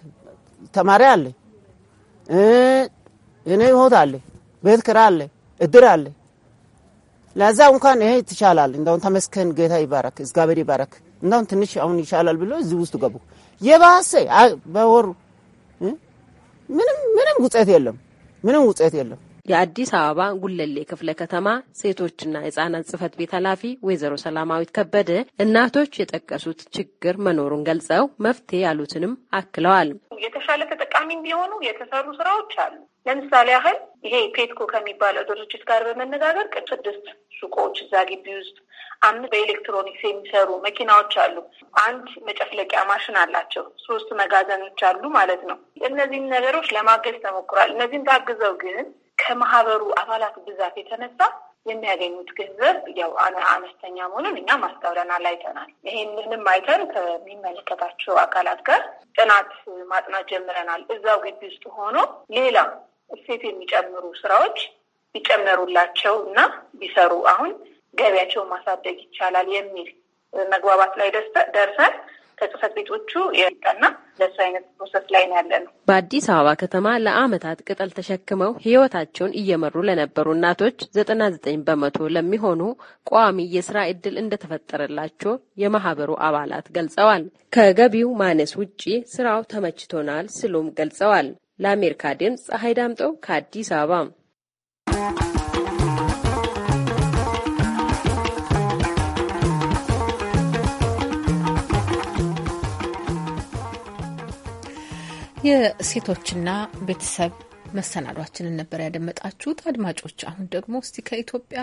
ተማሪ አለ፣ እኔ ይሆት አለ፣ ቤት ክራ አለ፣ እድር አለ። ለዛ እንኳን ይሄ ትቻላል። እንደውም ተመስገን ጌታ ይባረክ፣ እግዚአብሔር ይባረክ። እንደውም ትንሽ አሁን ይሻላል ብሎ እዚህ ውስጥ ገቡ። የባሰ በወሩ ምንም ምንም ውጤት የለም፣ ምንም ውጤት የለም። የአዲስ አበባ ጉለሌ ክፍለ ከተማ ሴቶችና ህጻናት ጽህፈት ቤት ኃላፊ ወይዘሮ ሰላማዊት ከበደ እናቶች የጠቀሱት ችግር መኖሩን ገልጸው መፍትሄ ያሉትንም አክለዋል። የተሻለ ተጠቃሚ ቢሆኑ የተሰሩ ስራዎች አሉ። ለምሳሌ ያህል ይሄ ፔትኮ ከሚባለው ድርጅት ጋር በመነጋገር ስድስት ሱቆች እዛ ግቢ ውስጥ አምስት በኤሌክትሮኒክስ የሚሰሩ መኪናዎች አሉ። አንድ መጨፍለቂያ ማሽን አላቸው። ሶስት መጋዘኖች አሉ ማለት ነው። እነዚህም ነገሮች ለማገዝ ተሞክሯል። እነዚህም ታግዘው ግን ከማህበሩ አባላት ብዛት የተነሳ የሚያገኙት ገንዘብ ያው አነስተኛ መሆኑን እኛ ማስተውለናል፣ አይተናል። ይህንንም አይተን ከሚመለከታቸው አካላት ጋር ጥናት ማጥናት ጀምረናል። እዛው ግቢ ውስጥ ሆኖ ሌላ እሴት የሚጨምሩ ስራዎች ቢጨመሩላቸው እና ቢሰሩ አሁን ገቢያቸውን ማሳደግ ይቻላል የሚል መግባባት ላይ ደርሰን ከጽህፈት ቤቶቹ የሚጠና ለሱ አይነት ፕሮሰስ ላይ ነው ያለ ነው። በአዲስ አበባ ከተማ ለአመታት ቅጠል ተሸክመው ህይወታቸውን እየመሩ ለነበሩ እናቶች ዘጠና ዘጠኝ በመቶ ለሚሆኑ ቋሚ የስራ እድል እንደተፈጠረላቸው የማህበሩ አባላት ገልጸዋል። ከገቢው ማነስ ውጪ ስራው ተመችቶናል ስሉም ገልጸዋል። ለአሜሪካ ድምፅ ፀሐይ ዳምጠው ከአዲስ አበባ የሴቶችና ቤተሰብ መሰናዷችንን ነበር ያደመጣችሁት። አድማጮች፣ አሁን ደግሞ እስቲ ከኢትዮጵያ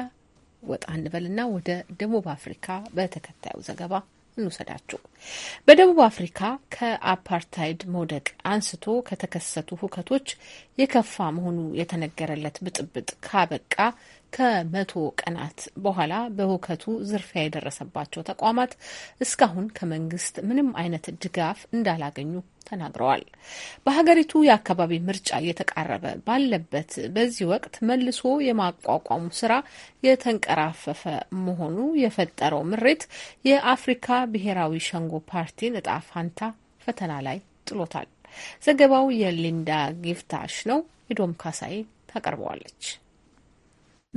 ወጣ እንበልና ወደ ደቡብ አፍሪካ በተከታዩ ዘገባ እንውሰዳችሁ። በደቡብ አፍሪካ ከአፓርታይድ መውደቅ አንስቶ ከተከሰቱ ሁከቶች የከፋ መሆኑ የተነገረለት ብጥብጥ ካበቃ ከመቶ ቀናት በኋላ በሁከቱ ዝርፊያ የደረሰባቸው ተቋማት እስካሁን ከመንግስት ምንም አይነት ድጋፍ እንዳላገኙ ተናግረዋል። በሀገሪቱ የአካባቢ ምርጫ እየተቃረበ ባለበት በዚህ ወቅት መልሶ የማቋቋሙ ስራ የተንቀራፈፈ መሆኑ የፈጠረው ምሬት የአፍሪካ ብሔራዊ ሸንጎ ፓርቲን እጣ ፋንታ ፈተና ላይ ጥሎታል። ዘገባው የሊንዳ ጊፍታሽ ነው። የዶም ካሳይ ታቀርበዋለች።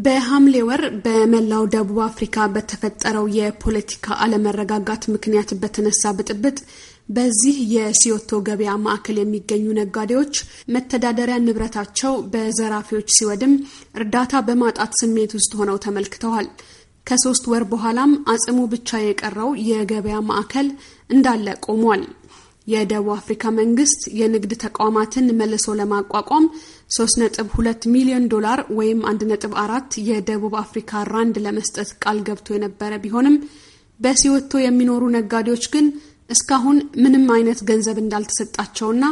በሐምሌ ወር በመላው ደቡብ አፍሪካ በተፈጠረው የፖለቲካ አለመረጋጋት ምክንያት በተነሳ ብጥብጥ በዚህ የሲዮቶ ገበያ ማዕከል የሚገኙ ነጋዴዎች መተዳደሪያ ንብረታቸው በዘራፊዎች ሲወድም እርዳታ በማጣት ስሜት ውስጥ ሆነው ተመልክተዋል። ከሶስት ወር በኋላም አጽሙ ብቻ የቀረው የገበያ ማዕከል እንዳለ ቆሟል። የደቡብ አፍሪካ መንግስት የንግድ ተቋማትን መልሶ ለማቋቋም 3.2 ሚሊዮን ዶላር ወይም 1.4 የደቡብ አፍሪካ ራንድ ለመስጠት ቃል ገብቶ የነበረ ቢሆንም በሲወቶ የሚኖሩ ነጋዴዎች ግን እስካሁን ምንም አይነት ገንዘብ እንዳልተሰጣቸውና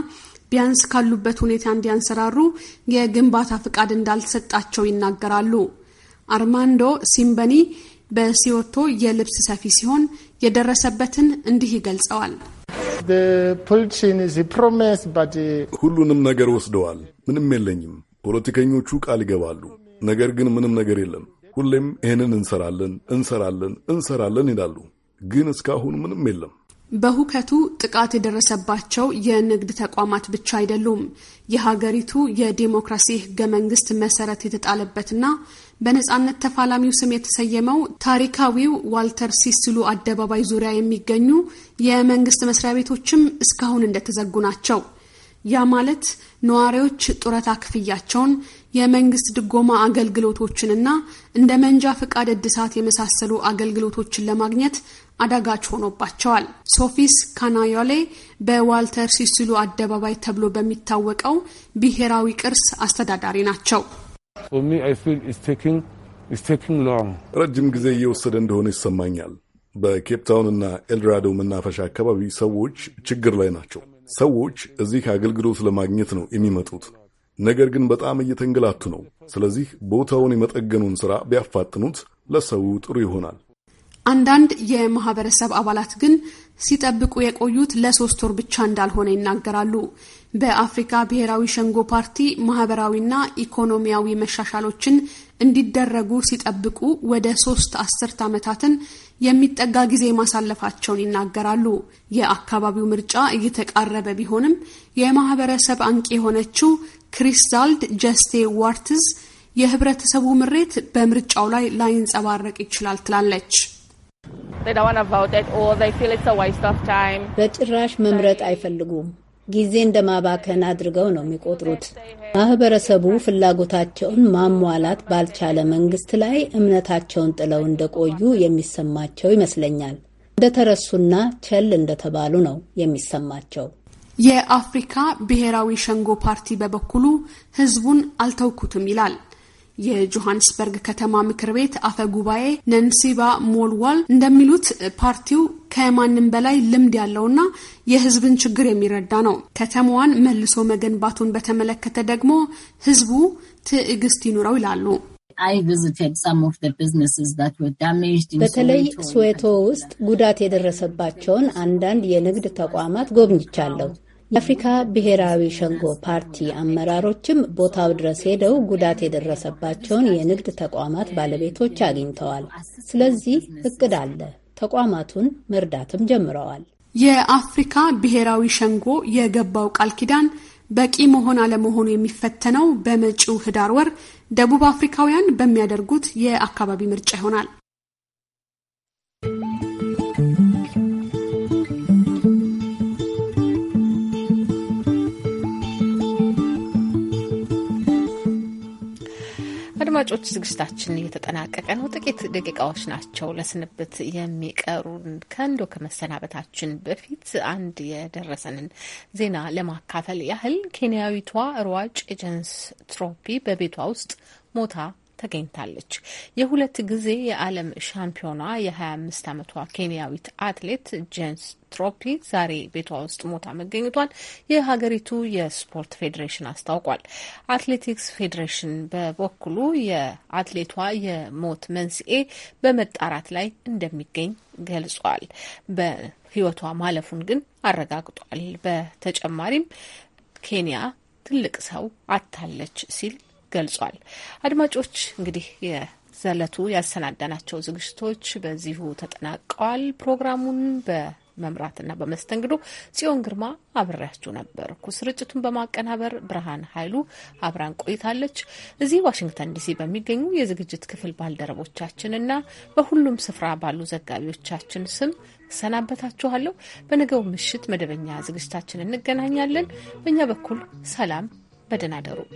ቢያንስ ካሉበት ሁኔታ እንዲያንሰራሩ የግንባታ ፍቃድ እንዳልተሰጣቸው ይናገራሉ። አርማንዶ ሲምበኒ በሲወቶ የልብስ ሰፊ ሲሆን የደረሰበትን እንዲህ ይገልጸዋል። Uh, ሁሉንም ነገር ወስደዋል። ምንም የለኝም። ፖለቲከኞቹ ቃል ይገባሉ፣ ነገር ግን ምንም ነገር የለም። ሁሌም ይህንን እንሰራለን፣ እንሰራለን፣ እንሰራለን ይላሉ፣ ግን እስካሁን ምንም የለም። በሁከቱ ጥቃት የደረሰባቸው የንግድ ተቋማት ብቻ አይደሉም። የሀገሪቱ የዴሞክራሲ ህገ መንግስት መሰረት የተጣለበትና በነጻነት ተፋላሚው ስም የተሰየመው ታሪካዊው ዋልተር ሲስሉ አደባባይ ዙሪያ የሚገኙ የመንግስት መስሪያ ቤቶችም እስካሁን እንደተዘጉ ናቸው። ያ ማለት ነዋሪዎች ጡረታ ክፍያቸውን፣ የመንግስት ድጎማ አገልግሎቶችንና እንደ መንጃ ፈቃድ እድሳት የመሳሰሉ አገልግሎቶችን ለማግኘት አዳጋች ሆኖባቸዋል። ሶፊስ ካናዮሌ በዋልተር ሲስሉ አደባባይ ተብሎ በሚታወቀው ብሔራዊ ቅርስ አስተዳዳሪ ናቸው። ረጅም ጊዜ እየወሰደ እንደሆነ ይሰማኛል። በኬፕታውንና ኤልዶራዶ መናፈሻ አካባቢ ሰዎች ችግር ላይ ናቸው። ሰዎች እዚህ አገልግሎት ለማግኘት ነው የሚመጡት፣ ነገር ግን በጣም እየተንገላቱ ነው። ስለዚህ ቦታውን የመጠገኑን ሥራ ቢያፋጥኑት ለሰው ጥሩ ይሆናል። አንዳንድ የማህበረሰብ አባላት ግን ሲጠብቁ የቆዩት ለሶስት ወር ብቻ እንዳልሆነ ይናገራሉ። በአፍሪካ ብሔራዊ ሸንጎ ፓርቲ ማህበራዊና ኢኮኖሚያዊ መሻሻሎችን እንዲደረጉ ሲጠብቁ ወደ ሶስት አስርት ዓመታትን የሚጠጋ ጊዜ ማሳለፋቸውን ይናገራሉ። የአካባቢው ምርጫ እየተቃረበ ቢሆንም የማህበረሰብ አንቂ የሆነችው ክሪስዛልድ ጀስቴ ዋርትዝ የህብረተሰቡ ምሬት በምርጫው ላይ ላይንጸባረቅ ይችላል ትላለች። በጭራሽ መምረጥ አይፈልጉም። ጊዜ እንደ ማባከን አድርገው ነው የሚቆጥሩት። ማህበረሰቡ ፍላጎታቸውን ማሟላት ባልቻለ መንግስት ላይ እምነታቸውን ጥለው እንደቆዩ የሚሰማቸው ይመስለኛል። እንደተረሱና ቸል እንደተባሉ ነው የሚሰማቸው። የአፍሪካ ብሔራዊ ሸንጎ ፓርቲ በበኩሉ ህዝቡን አልተውኩትም ይላል። የጆሃንስበርግ ከተማ ምክር ቤት አፈ ጉባኤ ነንሲባ ሞልዋል እንደሚሉት ፓርቲው ከማንም በላይ ልምድ ያለውና የህዝብን ችግር የሚረዳ ነው። ከተማዋን መልሶ መገንባቱን በተመለከተ ደግሞ ህዝቡ ትዕግስት ይኑረው ይላሉ። በተለይ ስዌቶ ውስጥ ጉዳት የደረሰባቸውን አንዳንድ የንግድ ተቋማት ጎብኝቻለሁ። የአፍሪካ ብሔራዊ ሸንጎ ፓርቲ አመራሮችም ቦታው ድረስ ሄደው ጉዳት የደረሰባቸውን የንግድ ተቋማት ባለቤቶች አግኝተዋል። ስለዚህ እቅድ አለ። ተቋማቱን መርዳትም ጀምረዋል። የአፍሪካ ብሔራዊ ሸንጎ የገባው ቃል ኪዳን በቂ መሆን አለመሆኑ የሚፈተነው በመጪው ህዳር ወር ደቡብ አፍሪካውያን በሚያደርጉት የአካባቢ ምርጫ ይሆናል። አድማጮች ዝግጅታችን እየተጠናቀቀ ነው። ጥቂት ደቂቃዎች ናቸው ለስንብት የሚቀሩን። ከእንዶ ከመሰናበታችን በፊት አንድ የደረሰንን ዜና ለማካፈል ያህል ኬንያዊቷ ሯጭ ጀንስ ትሮፒ በቤቷ ውስጥ ሞታ ተገኝታለች። የሁለት ጊዜ የዓለም ሻምፒዮኗ የ25 ዓመቷ ኬንያዊት አትሌት ጄንስ ትሮፒ ዛሬ ቤቷ ውስጥ ሞታ መገኘቷን የሀገሪቱ የስፖርት ፌዴሬሽን አስታውቋል። አትሌቲክስ ፌዴሬሽን በበኩሉ የአትሌቷ የሞት መንስኤ በመጣራት ላይ እንደሚገኝ ገልጿል። በሕይወቷ ማለፉን ግን አረጋግጧል። በተጨማሪም ኬንያ ትልቅ ሰው አታለች ሲል ገልጿል። አድማጮች እንግዲህ የዘለቱ ያሰናዳናቸው ዝግጅቶች በዚሁ ተጠናቀዋል። ፕሮግራሙን በመምራትና በመስተንግዶ ጽዮን ግርማ አብሬያችሁ ነበርኩ። ስርጭቱን በማቀናበር ብርሃን ኃይሉ አብራን ቆይታለች። እዚህ ዋሽንግተን ዲሲ በሚገኙ የዝግጅት ክፍል ባልደረቦቻችንና በሁሉም ስፍራ ባሉ ዘጋቢዎቻችን ስም እሰናበታችኋለሁ። በነገው ምሽት መደበኛ ዝግጅታችን እንገናኛለን። በእኛ በኩል ሰላም በደህና ደሩ።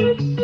Thank